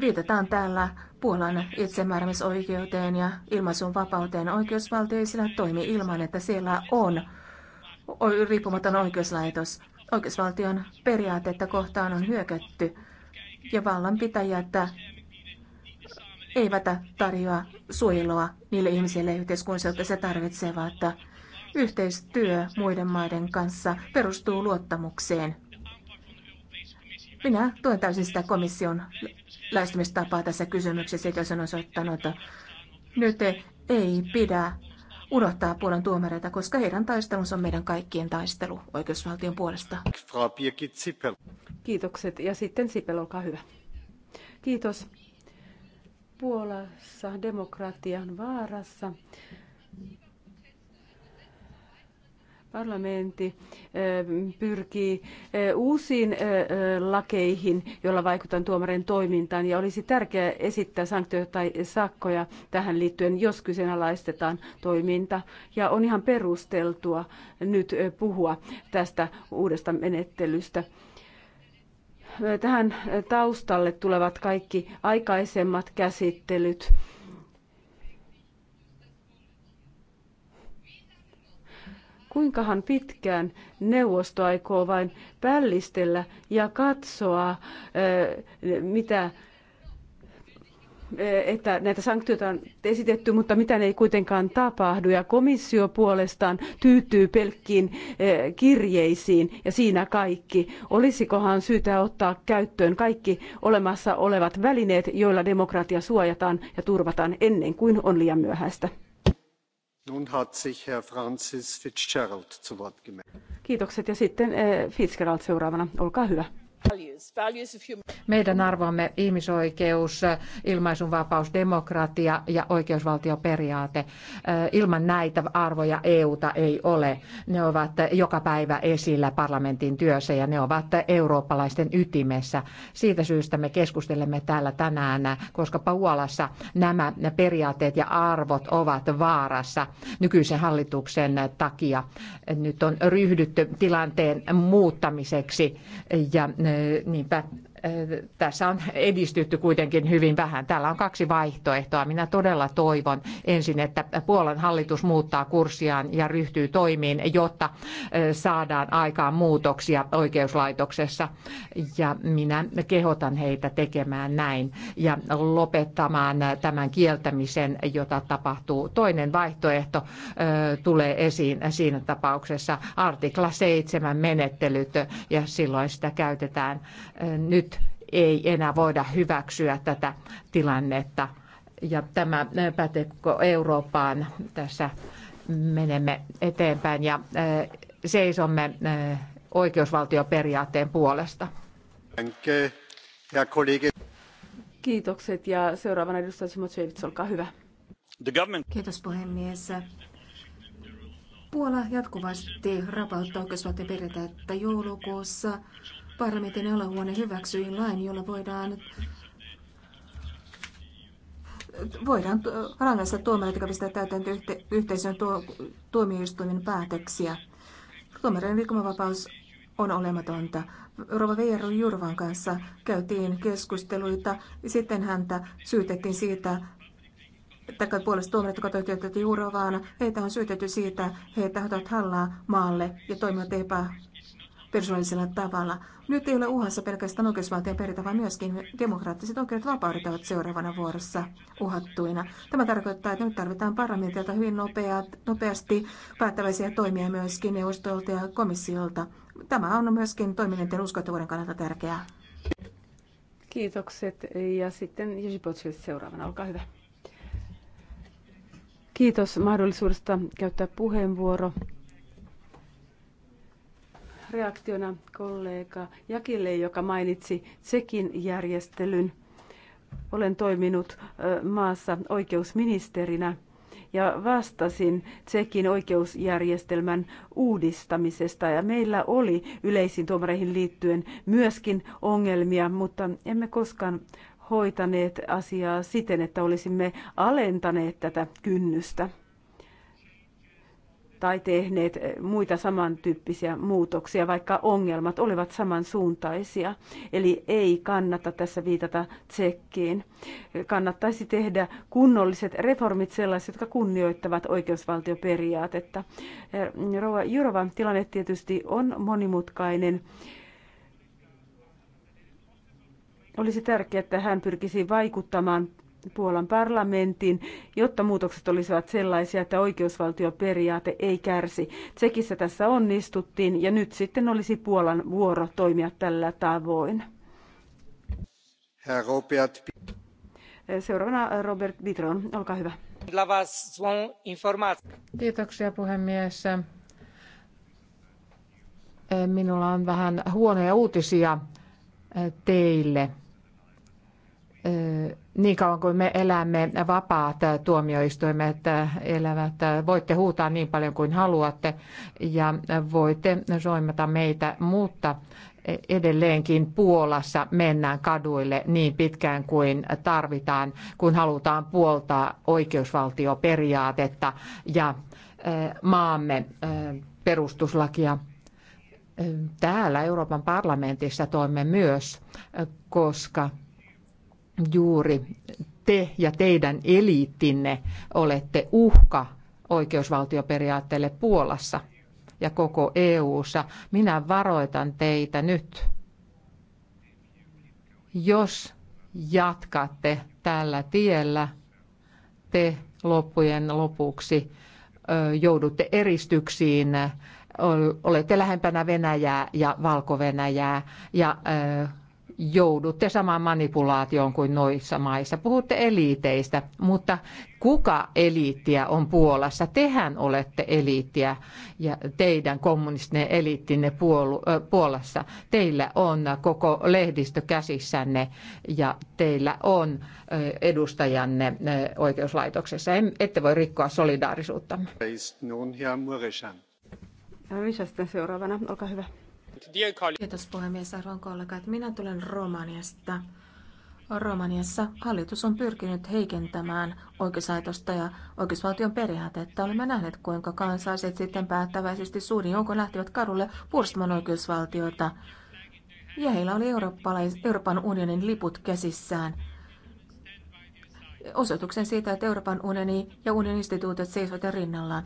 viitataan täällä Puolan itsemääräämisoikeuteen ja ilmaisun vapauteen. Oikeusvaltio ei sillä toimi ilman, että siellä on riippumaton oikeuslaitos. Oikeusvaltion periaatetta kohtaan on hyökätty ja vallanpitäjät eivät tarjoa suojelua niille ihmisille yhteiskunnassa, jotka se tarvitsevat. Yhteistyö muiden maiden kanssa perustuu luottamukseen. Minä tuen täysin sitä komission lähestymistapaa tässä kysymyksessä, jos on osoittanut, nyt ei pidä unohtaa Puolan tuomareita, koska heidän taistelunsa on meidän kaikkien taistelu oikeusvaltion puolesta. Kiitokset. Ja sitten Sipel, olkaa hyvä. Kiitos. Puolassa demokratian vaarassa. Parlamentti pyrkii uusiin lakeihin, joilla vaikutan tuomarin toimintaan, ja olisi tärkeää esittää sanktioita tai sakkoja tähän liittyen, jos kyseenalaistetaan toiminta. Ja on ihan perusteltua nyt puhua tästä uudesta menettelystä tähän taustalle tulevat kaikki aikaisemmat käsittelyt Kuinkahan pitkään neuvosto aikoo vain pällistellä ja katsoa, eh, mitä eh, että näitä sanktioita on esitetty, mutta mitään ei kuitenkaan tapahdu. Ja komissio puolestaan tyytyy pelkkiin eh, kirjeisiin ja siinä kaikki. Olisikohan syytä ottaa käyttöön kaikki olemassa olevat välineet, joilla demokratia suojataan ja turvataan ennen kuin on liian myöhäistä? Nun hat sich Herr Francis Fitzgerald zu Wort gemeldet. Kiitokset ja sitten eh, Fitzgerald seuraavana. Olkaa hyvä. Meidän arvomme ihmisoikeus, ilmaisunvapaus, demokratia ja oikeusvaltioperiaate. Ilman näitä arvoja EUta ei ole. Ne ovat joka päivä esillä parlamentin työssä ja ne ovat eurooppalaisten ytimessä. Siitä syystä me keskustelemme täällä tänään, koska Puolassa nämä periaatteet ja arvot ovat vaarassa nykyisen hallituksen takia. Nyt on ryhdytty tilanteen muuttamiseksi ja ne Niinpä tässä on edistytty kuitenkin hyvin vähän. Täällä on kaksi vaihtoehtoa. Minä todella toivon ensin, että Puolan hallitus muuttaa kurssiaan ja ryhtyy toimiin, jotta saadaan aikaan muutoksia oikeuslaitoksessa. Ja minä kehotan heitä tekemään näin ja lopettamaan tämän kieltämisen, jota tapahtuu. Toinen vaihtoehto tulee esiin siinä tapauksessa artikla 7 menettelyt ja silloin sitä käytetään nyt ei enää voida hyväksyä tätä tilannetta. Ja tämä eh, pätee Eurooppaan. Tässä menemme eteenpäin ja eh, seisomme eh, oikeusvaltioperiaatteen puolesta. Kiitokset ja seuraavana edustaja Simotsevits, olkaa hyvä. Kiitos puhemies. Puola jatkuvasti rapauttaa oikeusvaltioperiaatteita joulukuussa. Parlamentin olohuone hyväksyi lain, jolla voidaan voidaan rangaista tuomareita, jotka pistävät täytäntö yhteisön tuo, tuomioistuimen päätöksiä. Tuomareiden rikkomavapaus on olematonta. Rova Veijaru Jurvan kanssa käytiin keskusteluita. Sitten häntä syytettiin siitä, että puolesta tuomareita, jotka toteutettiin Jurovaan, heitä on syytetty siitä, he tahtot hallaa maalle ja toimivat epä persoonallisella tavalla. Nyt ei ole uhassa pelkästään oikeusvaltion perintä, vaan myöskin demokraattiset oikeudet vapaudet ovat seuraavana vuorossa uhattuina. Tämä tarkoittaa, että nyt tarvitaan parlamentilta hyvin nopeat, nopeasti päättäväisiä toimia myöskin neuvostolta ja komissiolta. Tämä on myöskin toiminnan uskottavuuden kannalta tärkeää. Kiitokset. Ja sitten Jesi seuraavana. Olkaa hyvä. Kiitos mahdollisuudesta käyttää puheenvuoro reaktiona kollega Jakille, joka mainitsi Tsekin järjestelyn. Olen toiminut maassa oikeusministerinä ja vastasin Tsekin oikeusjärjestelmän uudistamisesta. Ja meillä oli yleisiin tuomareihin liittyen myöskin ongelmia, mutta emme koskaan hoitaneet asiaa siten, että olisimme alentaneet tätä kynnystä tai tehneet eh, muita samantyyppisiä muutoksia, vaikka ongelmat olivat samansuuntaisia. Eli ei kannata tässä viitata tsekkiin. Kannattaisi tehdä kunnolliset reformit sellaiset, jotka kunnioittavat oikeusvaltioperiaatetta. Eh, Rouva Jurova, tilanne tietysti on monimutkainen olisi tärkeää, että hän pyrkisi vaikuttamaan Puolan parlamentin, jotta muutokset olisivat sellaisia, että oikeusvaltioperiaate ei kärsi. Tsekissä tässä onnistuttiin ja nyt sitten olisi Puolan vuoro toimia tällä tavoin. Seuraavana Robert Vitron, olkaa hyvä. Kiitoksia puhemies. Minulla on vähän huonoja uutisia teille niin kauan kuin me elämme, vapaat tuomioistuimet elävät. Voitte huutaa niin paljon kuin haluatte ja voitte soimata meitä, mutta edelleenkin Puolassa mennään kaduille niin pitkään kuin tarvitaan, kun halutaan puoltaa oikeusvaltioperiaatetta ja maamme perustuslakia. Täällä Euroopan parlamentissa toimme myös, koska juuri te ja teidän eliittinne olette uhka oikeusvaltioperiaatteelle Puolassa ja koko EU:ssa. Minä varoitan teitä nyt, jos jatkatte tällä tiellä, te loppujen lopuksi joudutte eristyksiin, olette lähempänä Venäjää ja Valko-Venäjää ja joudutte samaan manipulaatioon kuin noissa maissa. Puhutte eliiteistä, mutta kuka eliittiä on Puolassa? Tehän olette eliittiä ja teidän kommunistinen eliittinne Puolu- Puolassa. Teillä on koko lehdistö käsissänne ja teillä on edustajanne oikeuslaitoksessa. Ette voi rikkoa solidaarisuutta. seuraavana, olkaa hyvä. Kiitos puhemies, arvon kollegat. Minä tulen Romaniasta. Romaniassa hallitus on pyrkinyt heikentämään oikeuslaitosta ja oikeusvaltion periaatetta. Olemme nähneet, kuinka kansalaiset sitten päättäväisesti suurin joukon lähtivät kadulle puolustamaan oikeusvaltiota. Ja heillä oli Euroopan unionin liput käsissään. Osoituksen siitä, että Euroopan unioni ja unionin instituutiot seisovat rinnallaan.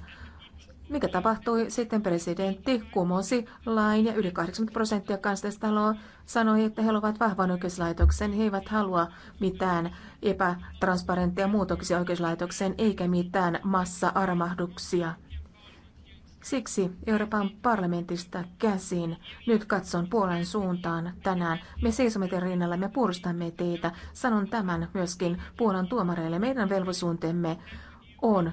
Mikä tapahtui? Sitten presidentti kumosi lain ja yli 80 prosenttia kansallistaloa sanoi, että he ovat vahvan oikeuslaitoksen. He eivät halua mitään epätransparentteja muutoksia oikeuslaitokseen eikä mitään massa-armahduksia. Siksi Euroopan parlamentista käsin nyt katson Puolan suuntaan tänään. Me seisomme teidän rinnalla, me puolustamme teitä. Sanon tämän myöskin Puolan tuomareille. Meidän velvollisuutemme on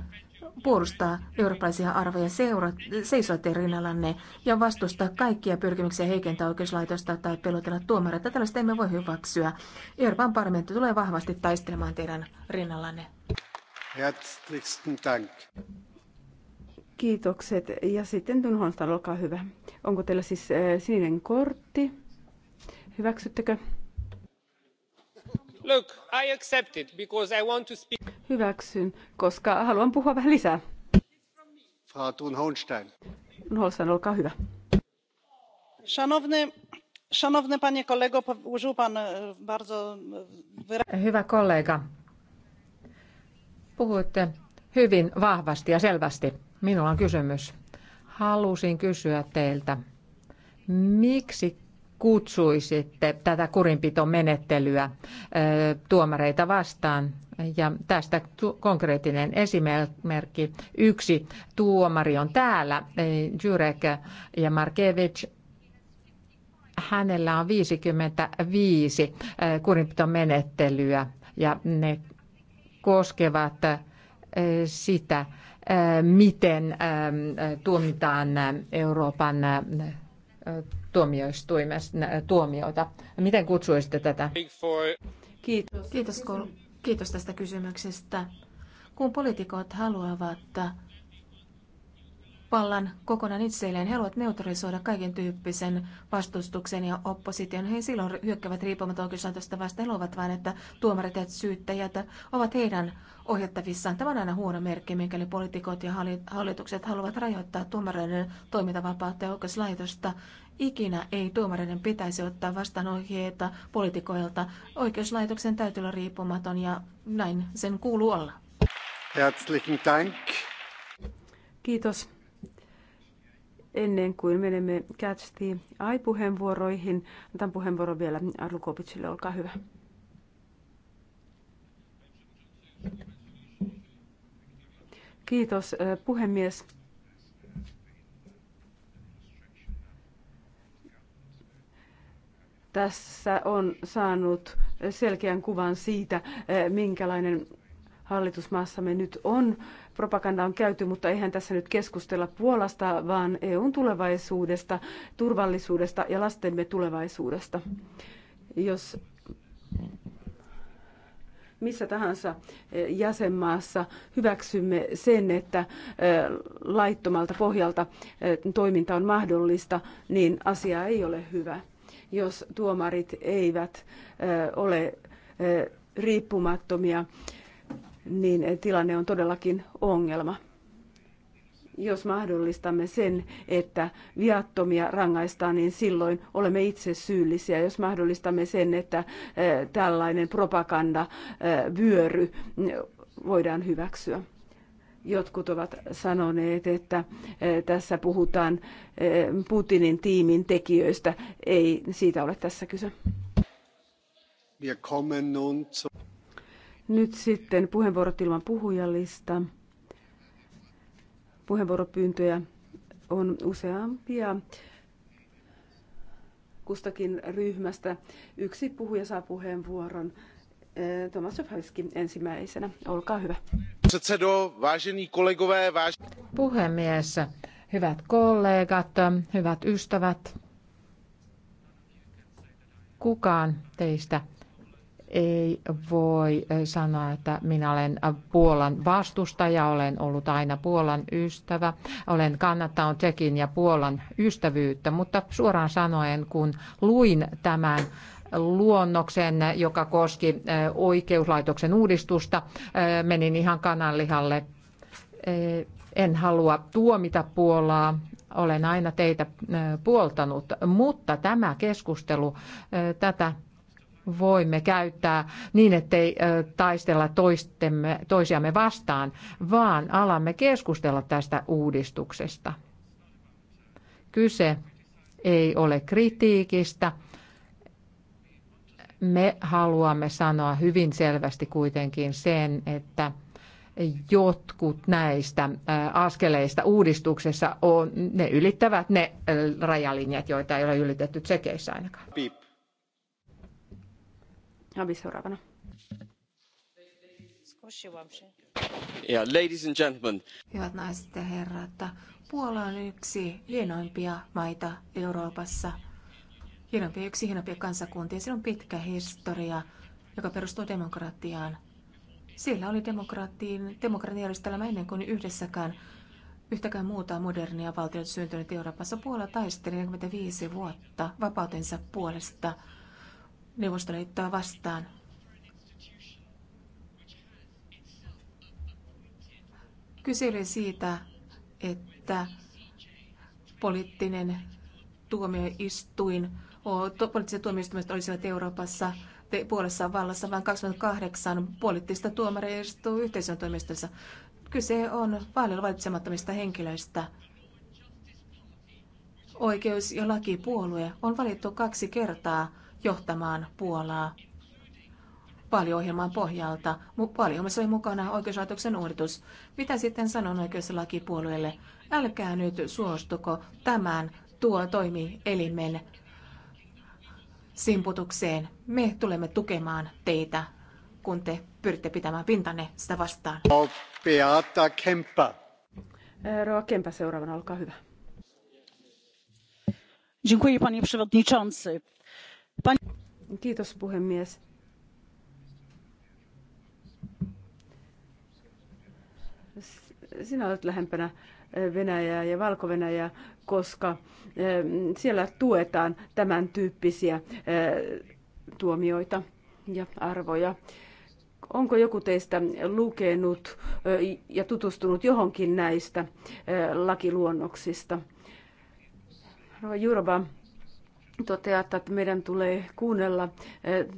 puolustaa eurooppalaisia arvoja, seura, seisoa teidän rinnallanne ja vastustaa kaikkia pyrkimyksiä heikentää oikeuslaitosta tai pelotella tuomareita. Tällaista emme voi hyväksyä. Euroopan parlamentti tulee vahvasti taistelemaan teidän rinnallanne. Kiitokset. Ja sitten Tunholstal, olkaa hyvä. Onko teillä siis eh, sininen kortti? Hyväksyttekö? Look, I accept it because I want to speak. Hyväksyn, koska haluan puhua vähän lisää. Frau Thun Holstein. Holstein, olkaa hyvä. Szanowny, szanowny panie kolego, użył pan e, bardzo e, Hyvä kollega, puhuitte hyvin vahvasti ja selvästi. Minulla on kysymys. Halusin kysyä teiltä, miksi kutsuisitte tätä kurinpitomenettelyä tuomareita vastaan. Ja tästä konkreettinen esimerkki. Yksi tuomari on täällä, Jurek ja Markevich. Hänellä on 55 kurinpitomenettelyä ja ne koskevat sitä, miten tuomitaan Euroopan tuomioita. Äh, Miten kutsuisitte tätä? Kiitos. Kiitos, kiitos tästä kysymyksestä. Kun poliitikot haluavat vallan kokonaan itselleen. He haluavat neutralisoida kaiken tyyppisen vastustuksen ja opposition. He silloin hyökkävät riippumatta oikeuslaitosta vasta, He haluavat vain, että tuomarit ja syyttäjät ovat heidän ohjattavissaan. Tämä on aina huono merkki, mikäli poliitikot ja hallitukset haluavat rajoittaa tuomareiden toimintavapautta ja oikeuslaitosta Ikinä ei tuomareiden pitäisi ottaa vastaan ohjeita poliitikoilta. Oikeuslaitoksen täytyy olla riippumaton ja näin sen kuuluu olla. Herzlichen Dank. Kiitos. Ennen kuin menemme Catch the Eye-puheenvuoroihin, antan puheenvuoron vielä Arlukopitsille, olkaa hyvä. Kiitos puhemies tässä on saanut selkeän kuvan siitä, eh, minkälainen hallitus maassamme nyt on. Propaganda on käyty, mutta eihän tässä nyt keskustella Puolasta, vaan EUn tulevaisuudesta, turvallisuudesta ja lastemme tulevaisuudesta. Jos missä tahansa eh, jäsenmaassa hyväksymme sen, että eh, laittomalta pohjalta toiminta on mahdollista, niin asia ei ole hyvä jos tuomarit eivät ole riippumattomia, niin tilanne on todellakin ongelma. Jos mahdollistamme sen, että viattomia rangaistaan, niin silloin olemme itse syyllisiä. Jos mahdollistamme sen, että tällainen propagandavyöry mm, voidaan hyväksyä. Jotkut ovat sanoneet, että eh, tässä puhutaan eh, Putinin tiimin tekijöistä. Ei siitä ole tässä kyse. Nyt sitten puheenvuorot ilman puhujalista. Puheenvuoropyyntöjä on useampia kustakin ryhmästä. Yksi puhuja saa puheenvuoron. Tomas Puhemies, hyvät kollegat, hyvät ystävät, kukaan teistä ei voi sanoa, että minä olen Puolan vastustaja, olen ollut aina Puolan ystävä, olen kannattanut Tekin ja Puolan ystävyyttä, mutta suoraan sanoen, kun luin tämän luonnoksen, joka koski eh, oikeuslaitoksen uudistusta. Eh, menin ihan kananlihalle. Eh, en halua tuomita Puolaa, olen aina teitä puoltanut, mutta tämä keskustelu, tätä voimme käyttää niin, ettei taistella toistemme, toisiamme vastaan, vaan alamme keskustella tästä uudistuksesta. Kyse ei ole kritiikistä, me haluamme sanoa hyvin selvästi kuitenkin sen, että jotkut näistä askeleista uudistuksessa on, ne ylittävät ne rajalinjat, joita ei ole ylitetty tsekeissä ainakaan. Piip. Abi seuraavana. Ja, ladies and gentlemen. Hyvät naiset ja herrat, Puola on yksi hienoimpia maita Euroopassa – hienompia, yksi hienompia kansakuntia. siinä on pitkä historia, joka perustuu demokratiaan. Siellä oli demokraattiin, demokratiajärjestelmä ennen kuin yhdessäkään yhtäkään muuta modernia valtiota syntynyt Euroopassa. Puola taisteli 45 vuotta vapautensa puolesta Neuvostoliittoa vastaan. Kyse oli siitä, että poliittinen tuomioistuin poliittiset tuomioistuimet olisivat Euroopassa puolessa vallassa, vaan 28 poliittista tuomaria istuu yhteisön toimistossa. Kyse on paljon valitsemattomista henkilöistä. Oikeus- ja lakipuolue on valittu kaksi kertaa johtamaan Puolaa vaaliohjelman pohjalta. Vaaliohjelmassa oli mukana oikeuslaitoksen uudistus. Mitä sitten sanon lakipuolueelle? Älkää nyt suostuko tämän tuo toimielimen simputukseen. Me tulemme tukemaan teitä, kun te pyritte pitämään pintanne sitä vastaan. Beata Kempa. Eh, Roa Kempa seuraavana, olkaa hyvä. Kiitos puhemies. Sinä olet lähempänä Venäjää ja valko -Venäjää koska eh, siellä tuetaan tämän tyyppisiä eh, tuomioita ja arvoja. Onko joku teistä lukenut eh, ja tutustunut johonkin näistä lakiluonnoksista? Rova Jurova, toteatte, että meidän tulee kuunnella eh,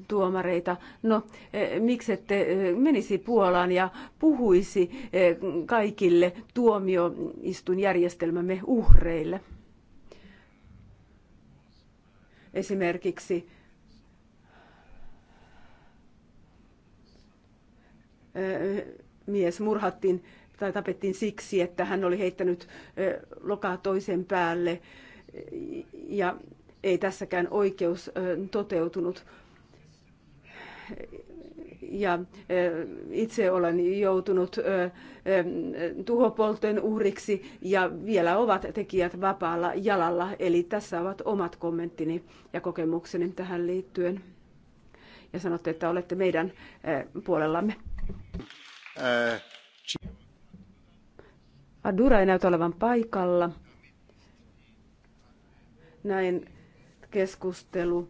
tuomareita. No, eh, miksi ette eh, menisi Puolaan ja puhuisi kaikille tuomioistuinjärjestelmämme uhreille? Esimerkiksi mies murhattiin tai tapettiin siksi, että hän oli heittänyt lokaa toisen päälle ja ei tässäkään oikeus toteutunut. Ja itse olen joutunut tuhopolten uhriksi ja vielä ovat tekijät vapaalla jalalla. Eli tässä ovat omat kommenttini ja kokemukseni tähän liittyen. Ja sanotte, että olette meidän puolellamme. Adura ei näytä olevan paikalla. Näin keskustelu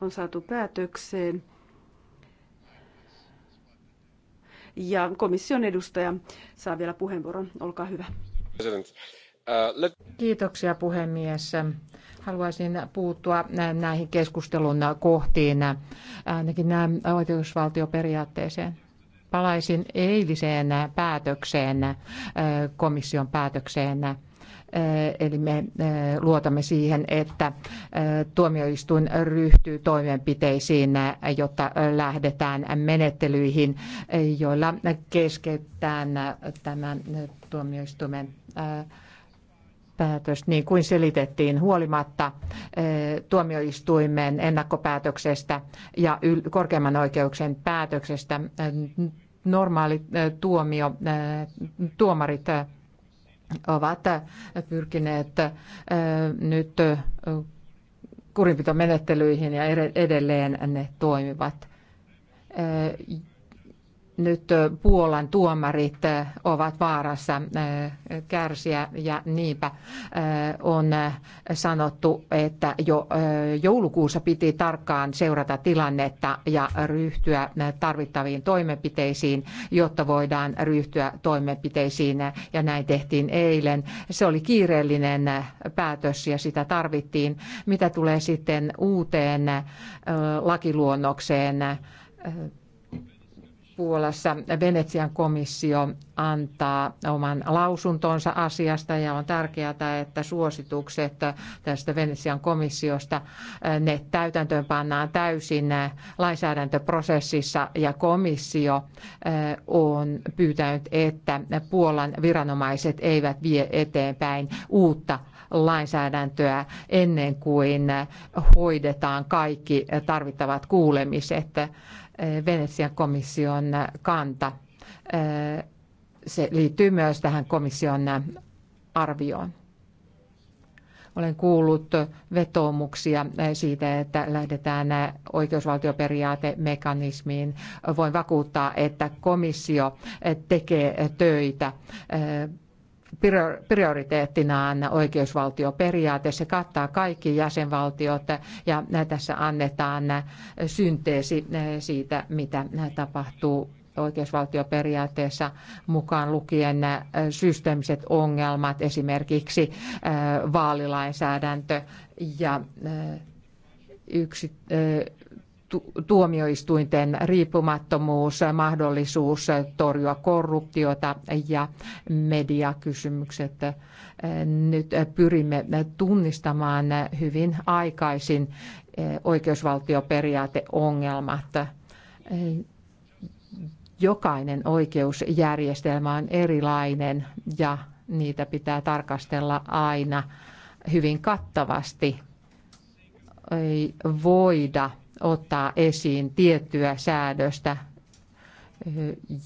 on saatu päätökseen. Ja komission edustaja saa vielä puheenvuoron. Olkaa hyvä. Kiitoksia puhemies. Haluaisin puuttua näihin keskustelun kohtiin, ainakin näin oikeusvaltioperiaatteeseen palaisin eiliseen päätökseen, komission päätökseen Eli me luotamme siihen, että tuomioistuin ryhtyy toimenpiteisiin, jotta lähdetään menettelyihin, joilla keskeytetään tämän tuomioistuimen päätös, niin kuin selitettiin, huolimatta eh, tuomioistuimen ennakkopäätöksestä ja korkeimman oikeuksen päätöksestä eh, normaalit eh, tuomio, tuomarit ovat pyrkineet nyt kurinpitomenettelyihin ja edelleen ne toimivat nyt Puolan tuomarit ovat vaarassa kärsiä ja niinpä on sanottu, että jo joulukuussa piti tarkkaan seurata tilannetta ja ryhtyä tarvittaviin toimenpiteisiin, jotta voidaan ryhtyä toimenpiteisiin ja näin tehtiin eilen. Se oli kiireellinen päätös ja sitä tarvittiin. Mitä tulee sitten uuteen lakiluonnokseen, Puolassa Venetsian komissio antaa oman lausuntonsa asiasta ja on tärkeää, että suositukset tästä Venetsian komissiosta eh, ne täytäntöön pannaan täysin eh, lainsäädäntöprosessissa ja komissio eh, on pyytänyt, että Puolan viranomaiset eivät vie eteenpäin uutta lainsäädäntöä ennen kuin hoidetaan kaikki tarvittavat kuulemiset. Eh, Venetsian komission eh, kanta. Eh, se liittyy myös tähän komission arvioon. Olen kuullut vetoomuksia siitä, että lähdetään oikeusvaltioperiaatemekanismiin. Voin vakuuttaa, että komissio tekee töitä prioriteettinaan oikeusvaltioperiaate. Se kattaa kaikki jäsenvaltiot ja tässä annetaan synteesi siitä, mitä tapahtuu oikeusvaltioperiaatteessa mukaan lukien systeemiset ongelmat, esimerkiksi vaalilainsäädäntö ja yksi, tuomioistuinten riippumattomuus, mahdollisuus torjua korruptiota ja mediakysymykset. Nyt pyrimme tunnistamaan hyvin aikaisin eh, oikeusvaltioperiaateongelmat. Jokainen oikeusjärjestelmä on erilainen ja niitä pitää tarkastella aina hyvin kattavasti. Ei voida ottaa esiin tiettyä säädöstä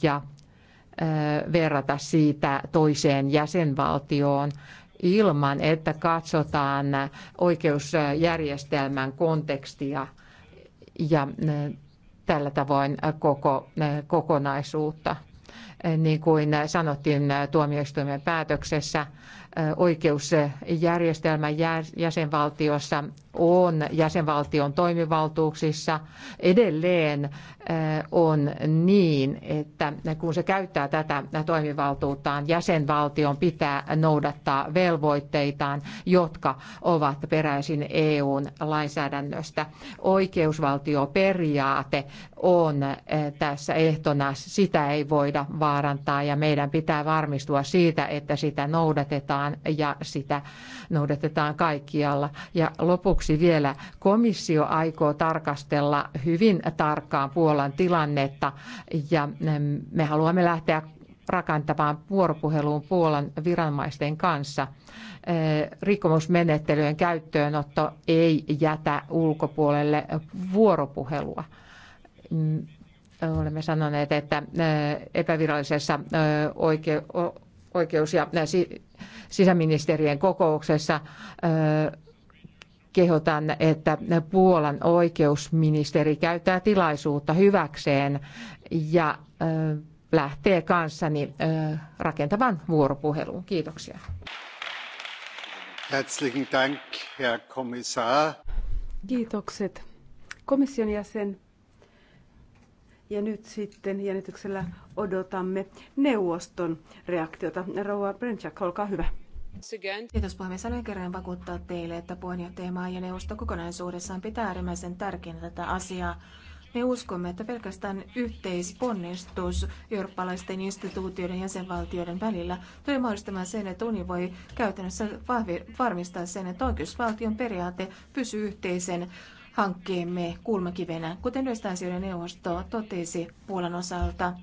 ja verrata siitä toiseen jäsenvaltioon ilman, että katsotaan oikeusjärjestelmän kontekstia ja tällä tavoin koko kokonaisuutta. Niin kuin sanottiin tuomioistuimen päätöksessä, oikeusjärjestelmän jäsenvaltiossa on jäsenvaltion toimivaltuuksissa. Edelleen eh, on niin, että kun se käyttää tätä toimivaltuuttaan, jäsenvaltion pitää noudattaa velvoitteitaan, jotka ovat peräisin EUn lainsäädännöstä. Oikeusvaltioperiaate on eh, tässä ehtona. Sitä ei voida vaarantaa ja meidän pitää varmistua siitä, että sitä noudatetaan ja sitä noudatetaan kaikkialla. Ja lopuksi lopuksi vielä komissio aikoo tarkastella hyvin tarkkaan Puolan tilannetta ja mm, me haluamme lähteä rakentavaan vuoropuheluun Puolan viranomaisten kanssa. Eh, rikkomusmenettelyjen käyttöönotto ei jätä ulkopuolelle vuoropuhelua. Mm, olemme sanoneet, että eh, epävirallisessa eh, oikeus- ja sisäministerien kokouksessa kehotan, että Puolan oikeusministeri käyttää tilaisuutta hyväkseen ja lähtee kanssani rakentavan vuoropuheluun. Kiitoksia. Herzlichen Dank, Herr Kommissar. Kiitokset komission jäsen. Ja nyt sitten jännityksellä odotamme neuvoston reaktiota. Rouva Brenchak, olkaa hyvä. Kiitos puhemies. Haluan kerran vakuuttaa teille, että puheenjohtajamaa ja neuvosto kokonaisuudessaan pitää äärimmäisen tärkeänä tätä asiaa. Me uskomme, että pelkästään yhteisponnistus eurooppalaisten instituutioiden ja jäsenvaltioiden välillä tulee mahdollistamaan sen, että uni voi käytännössä varmistaa sen, että oikeusvaltion periaate pysyy yhteisen hankkeemme kulmakivenä, kuten yleisten neuvosto totesi Puolan osalta.